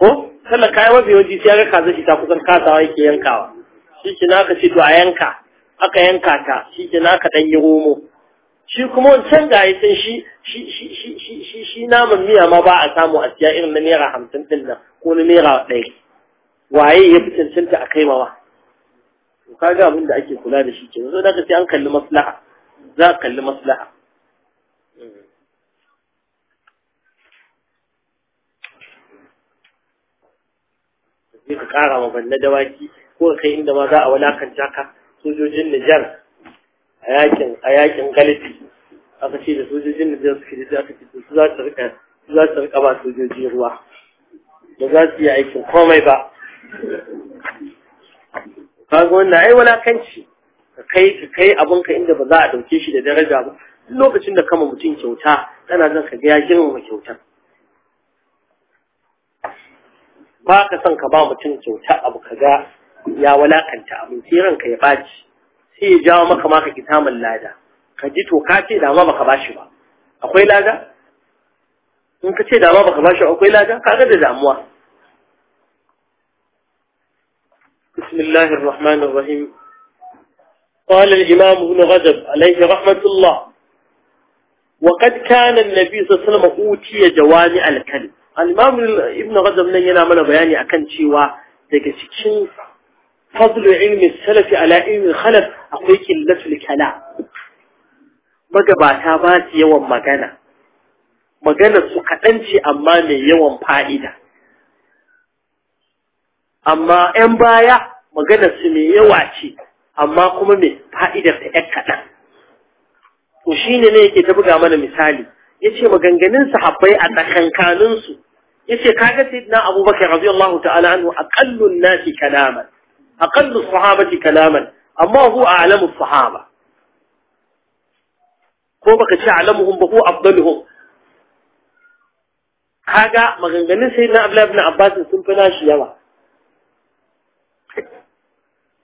ko sallar kayan mafi yawanci sai ga kaza shi ta kusan kasawa yake yankawa shikenan aka ce to a yanka aka yanka ta shikenan aka dan yi romo shi kuma wancan ga ya san shi shi shi shi shi shi shi naman miya ma ba a samu a siya irin na naira hamsin din nan ko na naira ɗaya. waye ya fi cancanta a kaimawa to kaga abin da ake kula da shi ke zo da sai an kalli maslaha za a kalli maslaha sai ka kara ma banna dawaki ko kai inda ma za a walakanta ka sojojin Nijar a yakin a yakin galibi aka ce da sojojin Nijar suke da aka ce su za su rika za su rika ba sojoji ruwa ba za su yi aikin komai ba kaga wannan ai walakanci kai ka kai abun ka inda ba za a dauke shi da daraja ba lokacin da kama mutum kyauta kana zan ka ga ya girmama kyauta. ba ka son ka ba mutum kyauta abu ka ga ya walakanta abin sai ranka ya baci sai ya jawo maka maka kitamin lada ka ji to ka ce da ma baka bashi ba akwai lada in ka ce da ma baka bashi akwai lada kaga da damuwa بسم الله الرحمن الرحيم قال الإمام ابن رجب عليه رحمة الله وقد كان النبي صلى الله عليه وسلم أوتي جوامع الكلم الإمام ابن رجب لن ينامنا بياني أكن شيوا تكسكين فضل علم السلف على علم الخلف أقويك اللف الكلام magabata ba su yawan magana maganar su kaɗan ce amma mai yawan fa'ida amma ‘yan baya maganar su mai yawa ce amma kuma mai fa'idar ta ‘yan kaɗan to shi ne yake ta buga mana misali Ya ce maganganin sahabbai a tsakankanin Ya ce kaga baka abubakar Allah ta'ala a kallon nasi kalaman aqallu sahabati kalaman amma a a'lamu sahaba ko baka ce alamun ba huwa afdaluhum kaga maganganun sayyidina abdullahi ibn abbasin sun fi nashi yawa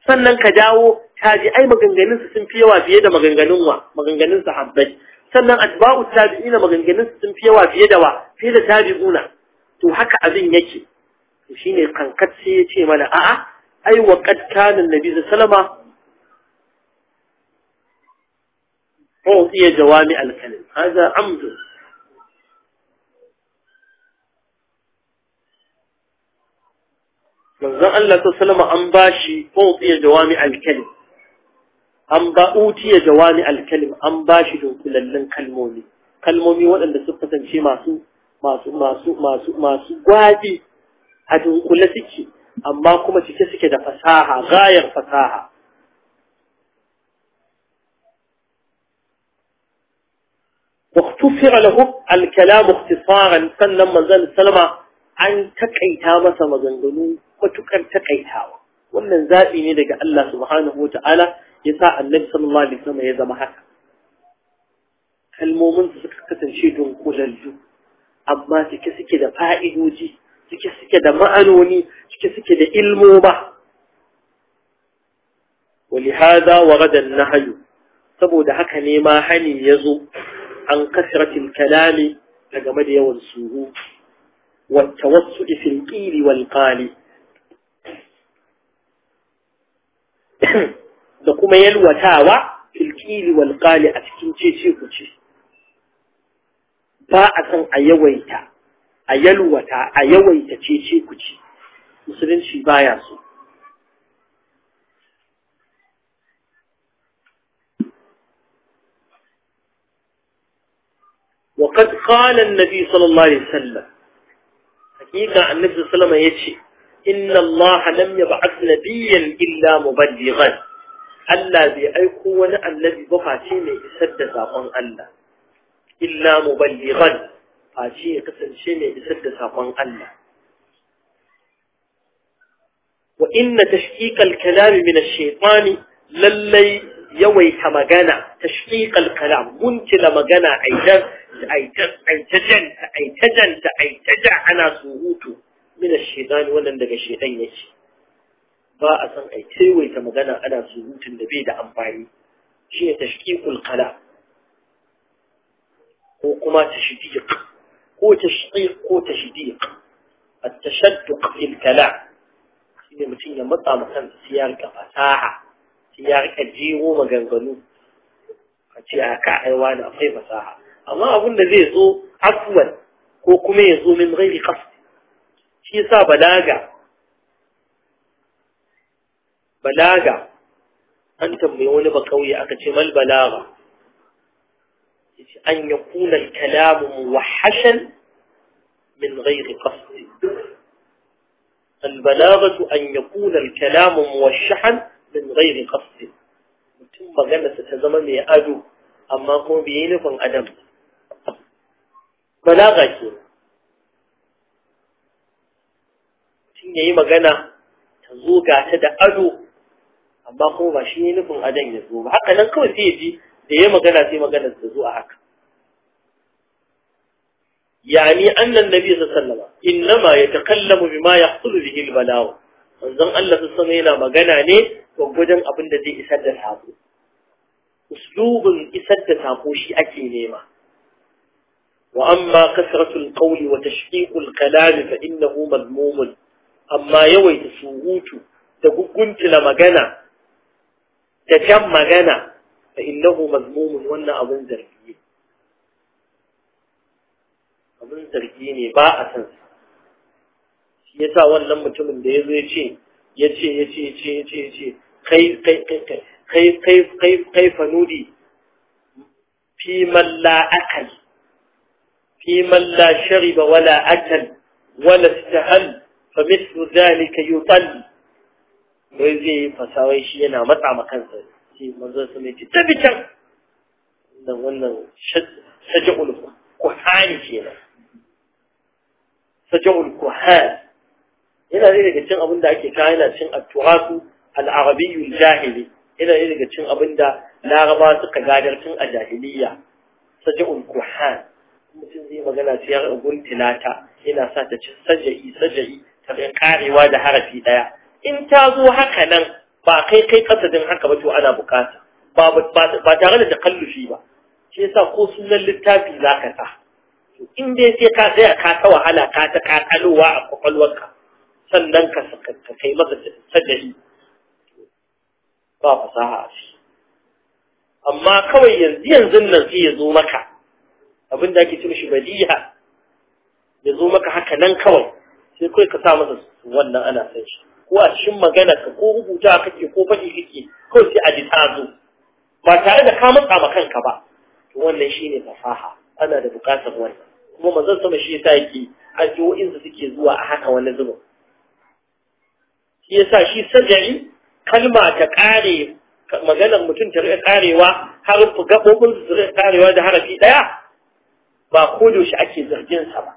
sannan ka jawo tabi'ai maganganun su sun fi yawa fiye da maganganun wa maganganun sahabbai sannan atba'u tabi'ina maganganun su sun fi yawa fiye da wa fiye da tabi'una to haka abin yake to shine kankat sai ya ce mana a'a ai wa qad kana annabi sallama jawami al-kalim هذا amdu manzon Allah sallallahu an bashi ya jawami al-kalim an ba uti ya jawami al-kalim an bashi dunkulallin kalmomi kalmomi wadanda suka kasance masu masu masu masu masu gwaji a dunkule suke amma kuma cike suke da fasaha gayar fasaha واختصر له الكلام اختصارا سنن منزل السلمة عن تكيتا مسا مزنجنون matukar takaitawa wannan zabi ne daga Allah subhanahu wataala yasa annabi sallallahu alaihi wasallam ya zama haka kalmomin su suka kasance don kulallu amma suke suke da fa'idoji suke suke da ma'anoni suke suke da ilmoma ولهذا ورد النهي saboda haka ne ma hani ya zo an kasratil kalami daga game da yawan suhu wata wasu ifin ƙili wal ƙali da kuma yalwatawa filkili walƙali a cikin cece kuce ba a san a yawaita a yalwata a yawaita cece kuce musulunci baya so وقد قال النبي صلى الله عليه وسلم حقيقة النبي صلى الله عليه وسلم inna Allah lam yab'ath nabiyyan illa muballighan Allah bai aiko wani annabi ba face mai isar da sakon Allah illa muballighan face ya kasance mai isar da sakon Allah wa inna tashqiqal kalami min ash-shaytani lallai yawaita magana tashqiqal kalam guntila magana aidan aitan aitajan aitajan aitaja ana surutu min ash-shaytan wannan daga shaytan yake ba a san ai kewaita magana ana surutun da bai da amfani shi ne tashkikul kala ko kuma tashdiq ko tashdiq ko tashdiq at-tashadduq fil kalam shi ne mutum ya matsa ma kansa sai fasaha sai ya rika jiro maganganu a ce a ka aiwa da akwai fasaha amma abin da zai zo afwan ko kuma ya zo min ghairi qasd shi yasa balaga balaga an tambayi wani ba kauye aka ce mal balaga yace an yakuna al-kalamu muwahhashan min ghairi qasd البلاغة أن يكون الكلام موشحا من غير قصد mutum maganarsa ta zama mai ado amma kuma bai yi nufin adam balaga ke ya yi magana ta zo ga ta da ado amma kuma ba shi ne nufin adon ya zo ba haka nan kawai sai ya ji da ya magana sai magana ta zo a haka yani annan nabi sallama innama yatakallamu bima yahsulu bihi albalagh manzon Allah sallama yana magana ne gwagwajen abin da zai isar da sako uslubin isar da sako shi ake nema wa amma kasratul qawli wa tashqiqul kalam fa innahu madmumun amma yawaita suhutu da guguntula magana da jan magana fa innahu mazmumun wannan abin zargi ne abin zargi ne ba a san shi yasa wannan mutumin da yazo yace yace yace yace yace yace kai kai kai kai kai kai kai fanudi fi man la akal fi man la shariba wala akal wala istahal فمثل ذلك يطل wai zai yi fasawai shi yana matsa ma kansa sai manzo sun ce tabi can dan wannan saja'ul kuhani kenan saja'ul kuhani yana ne daga cin abin da ake kawo yana cin at-turasu al-arabiyyu al-jahili yana ne daga cin abin da laraba suka gadar tun a jahiliya saja'ul kuhan mutum zai magana sai ya lata yana sa ta ci saja'i saja'i karewa da harafi daya in ta zo haka nan ba kai kai kasadin haka ba to ana bukata ba tare da takallufi ba shi yasa ko sunan littafi za ka sa in dai sai ka tsaya ka ta wahala ka ta kakalowa a kwakwalwarka sannan ka kai masa sadari ba fasaha a shi amma kawai yanzu yanzu nan sai ya zo maka abin da ake cin shi badiya ya zo maka haka nan kawai sai kai ka sa masa wannan ana san shi ko a cikin magana ka ko rubuta kake ko faɗi kake ko sai a ji ta ba tare da ka matsa ma kanka ba to wannan shine fasaha ana da bukatar wannan kuma manzon sama shi yasa yake wa'in su suke zuwa a haka wani zuba? shi yasa shi sajari kalma ta ƙare maganar mutum ta rika karewa har gaɓoɓin su rika karewa da harafi ɗaya ba ko da shi ake zargin sa ba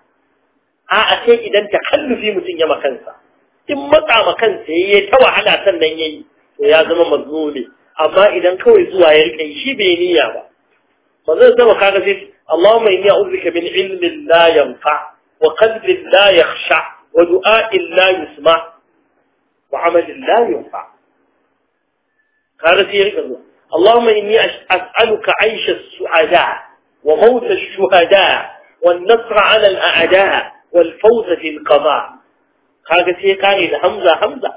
a'a sai idan takallufi mutum ya makansa in matsa makansa yayi ta wahala sannan yayi to ya zama mazlumi amma idan kawai zuwa ya rike shi bai niyya ba manzon zama kaga sai Allahumma inni a'udhuka min ilmin la yanfa wa qalbin la yakhsha wa du'a'in la yusma wa amalin la yanfa kaga sai ya rike zuwa Allahumma inni as'aluka 'aysha as-su'ada wa mawt ash-shuhada والنصر على الأعداء والفوز في القضاء قال سي قائل حمزة حمزة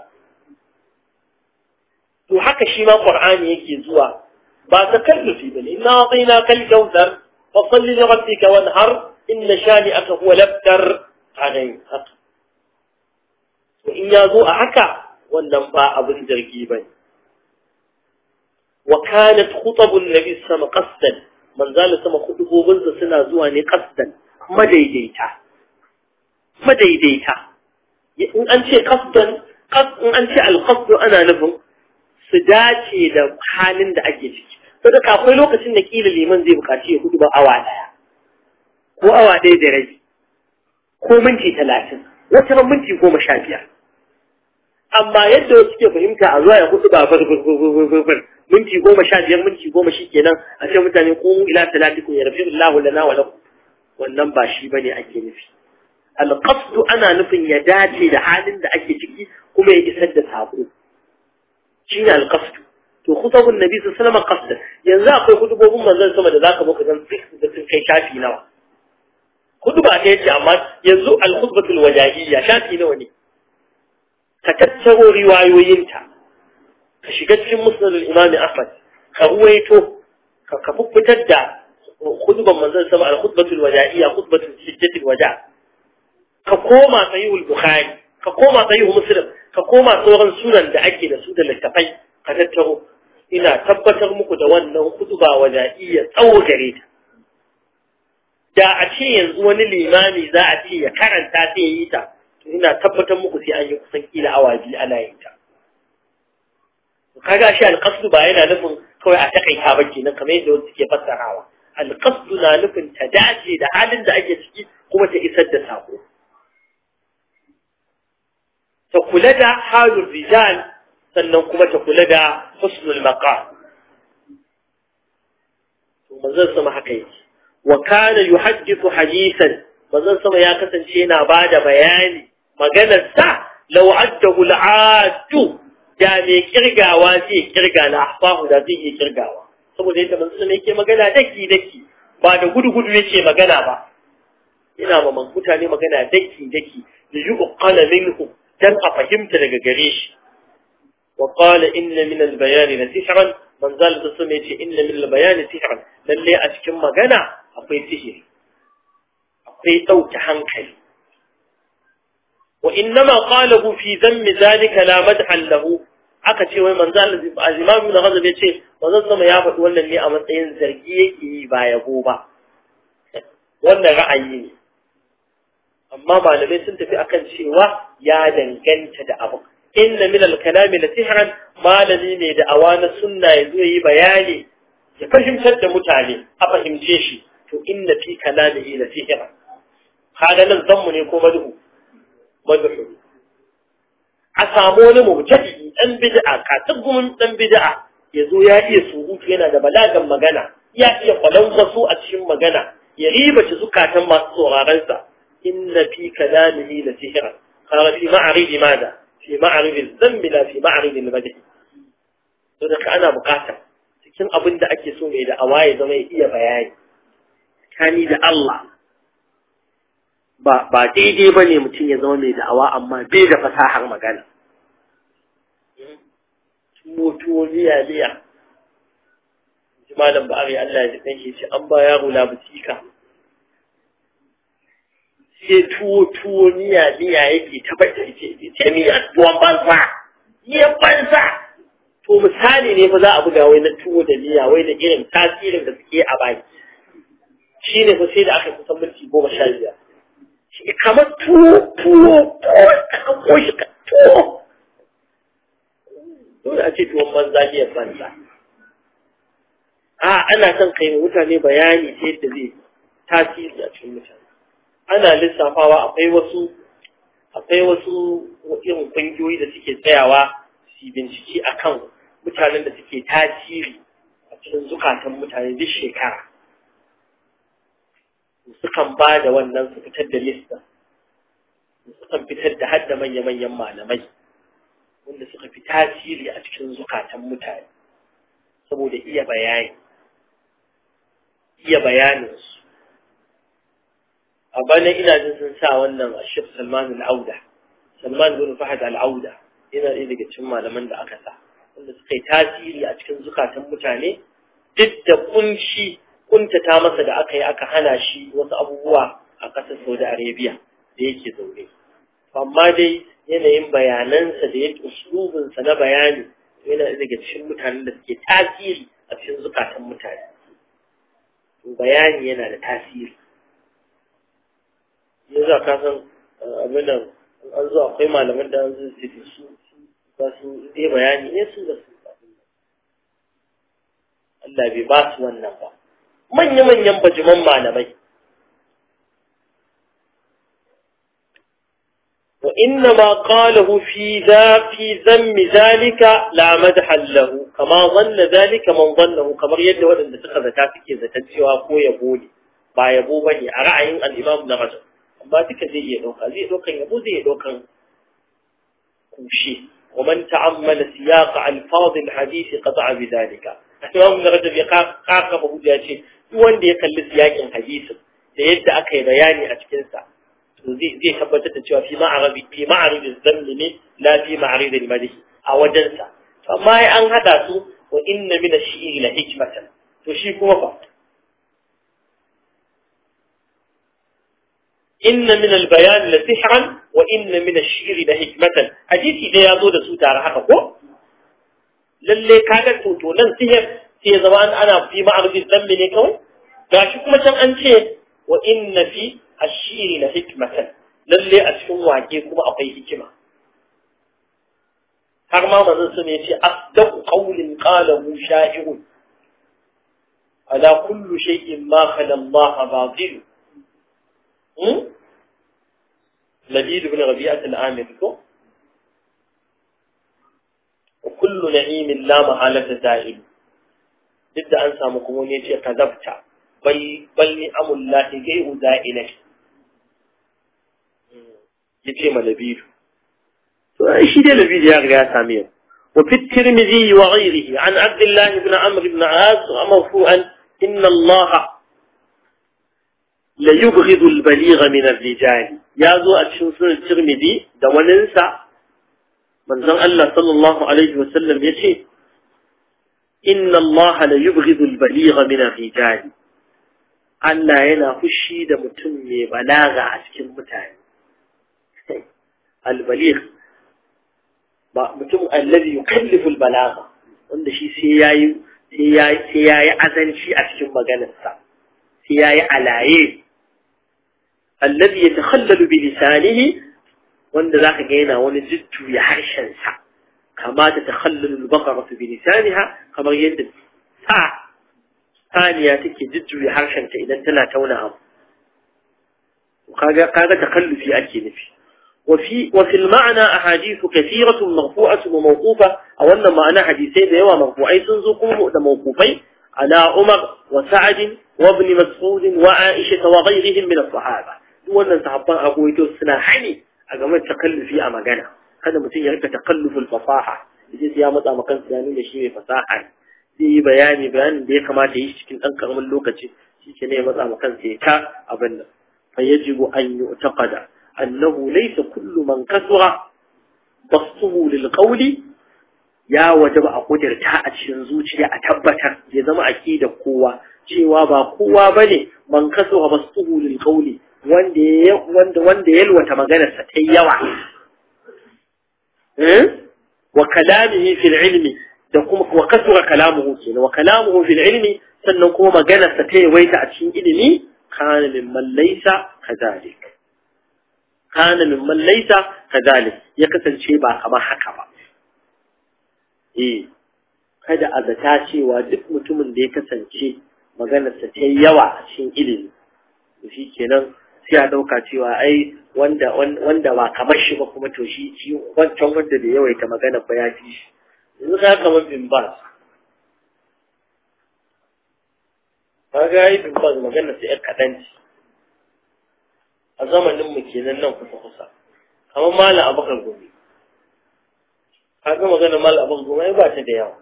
وحكى شيء ما قرآن يكي زوا ما تكلفي بل إنا أعطيناك الكوثر فصل لربك وانهر إن شانئك هو لبتر عليه حق وإن يازو أحكى وانا باع ابن درقيبا وكانت خطب النبي صلى الله السلام قصدا من ذال سما خطبه بلد زواني قصدا ما جيجيتا جي madaidaita in an ce kasdan in an ce alkasdu ana nufin su dace da halin da ake ciki saboda kafin lokacin da kila liman zai bukaci ya hudu ba awa daya ko awa daya da rai ko minti talatin wata ban minti goma sha biyar amma yadda wasu ke fahimta a zuwa ya hudu ba farfarfarfarfar minti goma sha biyar minti goma shi kenan a ce mutane ko ila talatin, ko ya rafi Allah lana wa lakum wannan ba shi bane ake nufi القصد أنا نفن يداتي لحال لأي جكي كما يسد سابقه شين القصد تخطب النبي صلى الله عليه وسلم قصده ينزاق يخطبه هم من سمد ذاك مكذن بخصدر كي شافي نوع خطبة كيتي عمال ينزو الخطبة الوجاهية شافي نوعني تكتب رواي وينتا كشكت في مصنر الإمام أحمد كهويته كفكتدع خطبة من سمد الخطبة الوجاهية خطبة الشجة الوجاهية ka koma sahihul bukhari ka koma sahihul muslim ka koma sauran sunan da ake da su da littafai ka tattaro ina tabbatar muku da wannan kutuba iya tsawo gare ta da a ce yanzu wani limami za a ce ya karanta sai ya ta to ina tabbatar muku sai an yi kusan kila awa biyu ana yin ta kaga shi alqasdu ba yana nufin kawai a takaita ba kenan kamar yadda wasu suke fassarawa alqasdu na nufin ta dace da halin da ake ciki kuma ta isar da sako ta kula da halin rijal sannan kuma ta kula da husnul maqam manzon sama haka yake wa kana yuhaddithu hadithan sama ya kasance yana bada bayani maganar sa law addahu da mai kirgawa zai kirga la afahu da zai iya kirgawa saboda yadda manzon sama yake magana daki daki ba da gudu gudu yake magana ba ina ma ne magana daki daki da yuqala minhu dan a fahimta daga gare shi wa qala inna min al-bayani la sihran man zal da sun inna min al-bayani sihran lalle a cikin magana akwai sihiri akwai dauke hankali wa innama qalahu fi zammi zalika la madhan lahu aka ce wai manzo Allah al-Imam Ibn Hazm yace manzo sama ya faɗi wannan ne a matsayin zargi yake yi ba yabo ba wannan ra'ayi ne amma malamai sun tafi akan cewa ya danganta da abu inna min al-kalami la tihran malami ne da awana sunna yazo yi bayani ya fahimtar da mutane a fahimce shi to inna fi kalamihi la kaga nan zammu ne ko madhu madhu a samu wani mubtadi dan bid'a katigumin dan bid'a yazo ya iya surutu yana da balagan magana ya iya kwalanza su a cikin magana ya ribace zukatan masu sauraron sa إن في كلامه لسحرا قال في معرض ماذا في معرض الذنب لا في معرض المدح صدق أنا مقاتل cikin abin da ake so mai da awaye zama ya iya bayani kani da Allah ba daidai ba ne mutum ya zama mai da'awa amma bai da fasahar magana tuwo tuwo liya liya malam ba Allah ya ji shi an ba yaro labusika sai tuwo tuwo miya miya yake ta bata ce ce miya tuwon banza miya banza to misali ne fa za a buga wai na tuwo da miya wai da irin tasirin da suke a baki shi ne fa sai da aka kusan minti goma sha biyar kamar tuwo tuwo tuwo ko shi tuwo dole a ce tuwon banza niya banza a ana son kai mutane bayani ta yadda zai tasiri a cikin mutane ana lissafawa akwai wasu akwai wasu irin kungiyoyi da suke tsayawa su bincike akan mutanen da suke tasiri a cikin zukatan mutane duk shekara sukan ba da wannan su fitar da lista sukan fitar da hadda manya-manyan malamai wanda suka fi tasiri a cikin zukatan mutane saboda iya bayani iya bayaninsu a bana ina jin sun sa wannan Sheikh Salman Al-Auda Salman bin Fahad Al-Auda yana ɗaya daga cikin malaman da aka sa wanda suka yi tasiri a cikin zukatan mutane duk da kunshi kuntata masa da aka yi aka hana shi wasu abubuwa a ƙasar Saudi Arabia da yake zaune amma dai yanayin bayanansa da yake usulubinsa na bayani yana daga cikin mutanen da suke tasiri a cikin zukatan mutane bayani yana da tasiri ya za ka san abin da an zo akwai malaman da an zo su da su ba su dai bayani ne su da su Allah bai ba su wannan ba manya-manyan bajiman malamai وإنما قاله في ذا في ذم ذلك لا مدح له كما ظن ذلك من ظنه كما يد ولد تخذ تافكي ذا تنسيوا أخوي يبولي با يبو بني أرعين الإمام نرجم amma duka zai iya ɗauka zai ɗaukan yabo zai iya ɗaukan kushe wa man ta'ammala siyaqa alfaz alhadith qata'a bidhalika imam rajab ya kaka ba hujja ce duk wanda ya kalli siyakin hadisin da yadda aka yi bayani a cikin sa to zai zai tabbatar da cewa fi ma'arabi fi ma'arid az-zanni ne la fi ma'arid al-malik a wajen sa amma an hada su wa inna min ash-shi'ri la hikmatan to shi kuma fa إن من البيان لسحرا وإن من الشعر لهجمة حديثي دي يدود على رحقه للي كانت توتو لنسهر في زمان أنا في معرض الزم من يكوي داشك مشان أنتين وإن في الشعر لحكمه للي أسحوا عجيكم أقي هجمة هرما من سميتي أصدق قول قاله شاعر على كل شيء ما خلى الله باطل لبيد بن ربيعة العامر وكل نعيم لا محالة دائم جد أنسى مكموني في كذبتا بل, بل نعم الله جيء دائنة يتيم لبيد فأشي دي لبيد يا غير سامير وفي الترمذي وغيره عن عبد الله بن عمرو بن عاز مرفوعا إن الله la yubghidu al-baligha min ar-rijali yazo a cikin sunan Tirmidhi da waninsa manzon Allah sallallahu alaihi wasallam yace inna Allah la yubghidu al-baligha min ar-rijali Allah yana fushi da mutum mai balaga a cikin mutane al-baligh ba mutum alladhi yukallifu al-balagha wanda shi sai yayi sai yayi azanci a cikin maganarsa sai yayi alaye الذي يتخلل بلسانه وندلاك جينا ونزدت يا سا كما تتخلل البقرة بلسانها كما يدل سا ثانية تزدت بحرشا يا إذا انتنا تونها وقال تخلل في أكي نفي وفي وفي المعنى أحاديث كثيرة مرفوعة وموقوفة أو أن معنى حديثين ديوا مرفوعين تنزقوه موقوفين على عمر وسعد وابن مسعود وعائشة وغيرهم من الصحابة wannan sahabban agogo suna hani a game da takallufi a magana kada mutum ya rika takallufin fasaha yaje sai ya matsa ma kansa ya nuna shi mai fasaha zai yi bayani bayanin da ya kamata yi cikin dan karamin lokaci shi ne ya matsa ma kansa ya ta abin nan fa yajibu an yu'taqada annahu laysa kullu man kasura basuhu lil qawli ya wajaba a kudirta a cikin zuciya a tabbatar ya zama aqida kowa cewa ba kowa bane man kasura basuhu lil qawli wanda ya wanda wanda yalwata maganarsa ta yawa eh? wa kalamihi fil ilmi da kuma wa kasura kalamuhu kenan wa kalamuhu fil ilmi sannan kuma maganarsa ta yawaita a cikin ilimi kana mimman laysa kadhalik kana mimman laysa kadhalik ya kasance ba kamar haka ba eh kada a zata cewa duk mutumin da ya kasance maganarsa ta yawa a cikin ilimi shi kenan sai a dauka cewa ai wanda wanda ba kamar shi ba kuma to shi shi wancan wanda da yawaita magana ba ya fi shi yanzu ka kamar bin ba ka ga yi bin ba magana sai yar kaɗan ce a zamanin mu kenan nan kusa kusa kamar malam abakar gobe ka ga magana malam abakar gobe ba ta da yawa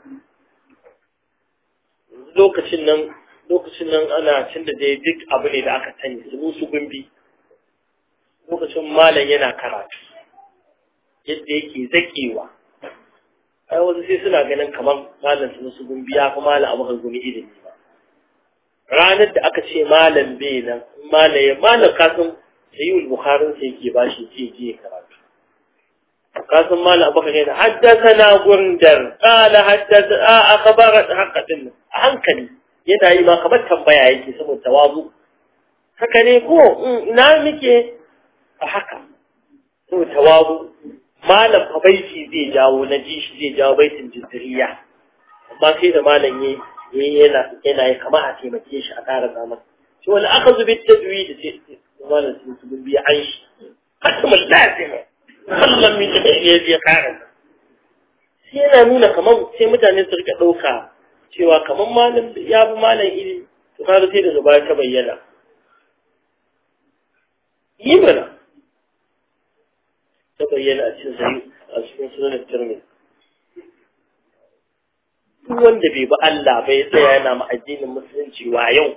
lokacin nan lokacin nan ana cin da dai duk abu ne da aka sani su su gumbi lokacin malam yana karatu yadda yake zakewa ai wasu sai suna ganin kamar malam su musu gumbi ya fi malam abu gumi ilimi ba ranar da aka ce malam bai nan malam ya malam kasan sayyul bukharin sai yake shi je je karatu kasan malam abu haddasa na gundar haddasa a akhbarat haqqatin a hankali yana yi ma kamar tambaya yake saboda tawazu haka ne ko mm, ina muke a haka to tawazu malam habaici zai jawo na ji shi zai jawo baitin jinsiriya amma sai da malam ya yana yana yi kama a taimake shi a ƙara zaman. shi wani aka zubi ta duwi da ce malam sun su bi an shi hatimul lazima sallan min da ya biya ƙara sai yana nuna kamar sai mutane su rika ɗauka cewa kaman malam ya bi malam ilimi to ka sai daga baya ta bayyana yi mana ta bayyana a cikin sai a cikin sunan tirmidhi duk wanda bai ba Allah ba ya tsaya yana ma addinin musulunci wa yau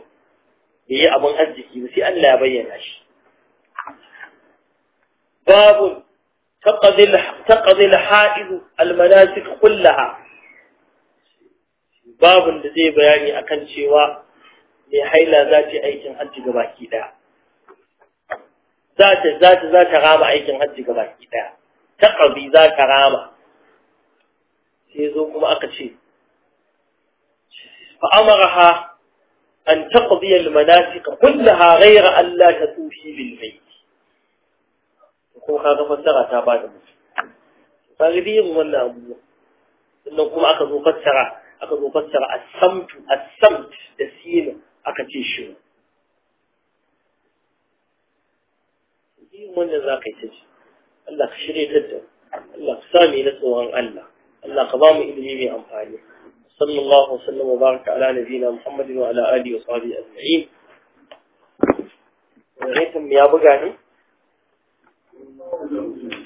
yayi yi abin arziki sai Allah ya bayyana shi babu تقضي الحائض المناسك كلها babin da zai bayani akan cewa mai haila za ta yi aikin hajji ga baki ɗaya za ta za ta ta rama aikin hajji ga baki ɗaya ta ƙarfi za ta rama sai zo kuma aka ce fa'amaraha أن تقضي المناسك كلها غير أن لا تتوفي بالبيت يقول هذا فسرة تابعنا wannan من Sannan kuma aka zo fassara. aka zo fassara as-samtu as-samt da sinin aka ce shiru yin wannan za ka yi ta ji Allah ka shirya ta da Allah ka sami na tsoron Allah Allah ka ba mu ilimi mai amfani صلى الله وسلم وبارك على نبينا محمد وعلى آله وصحبه أجمعين غيثم يا بغاني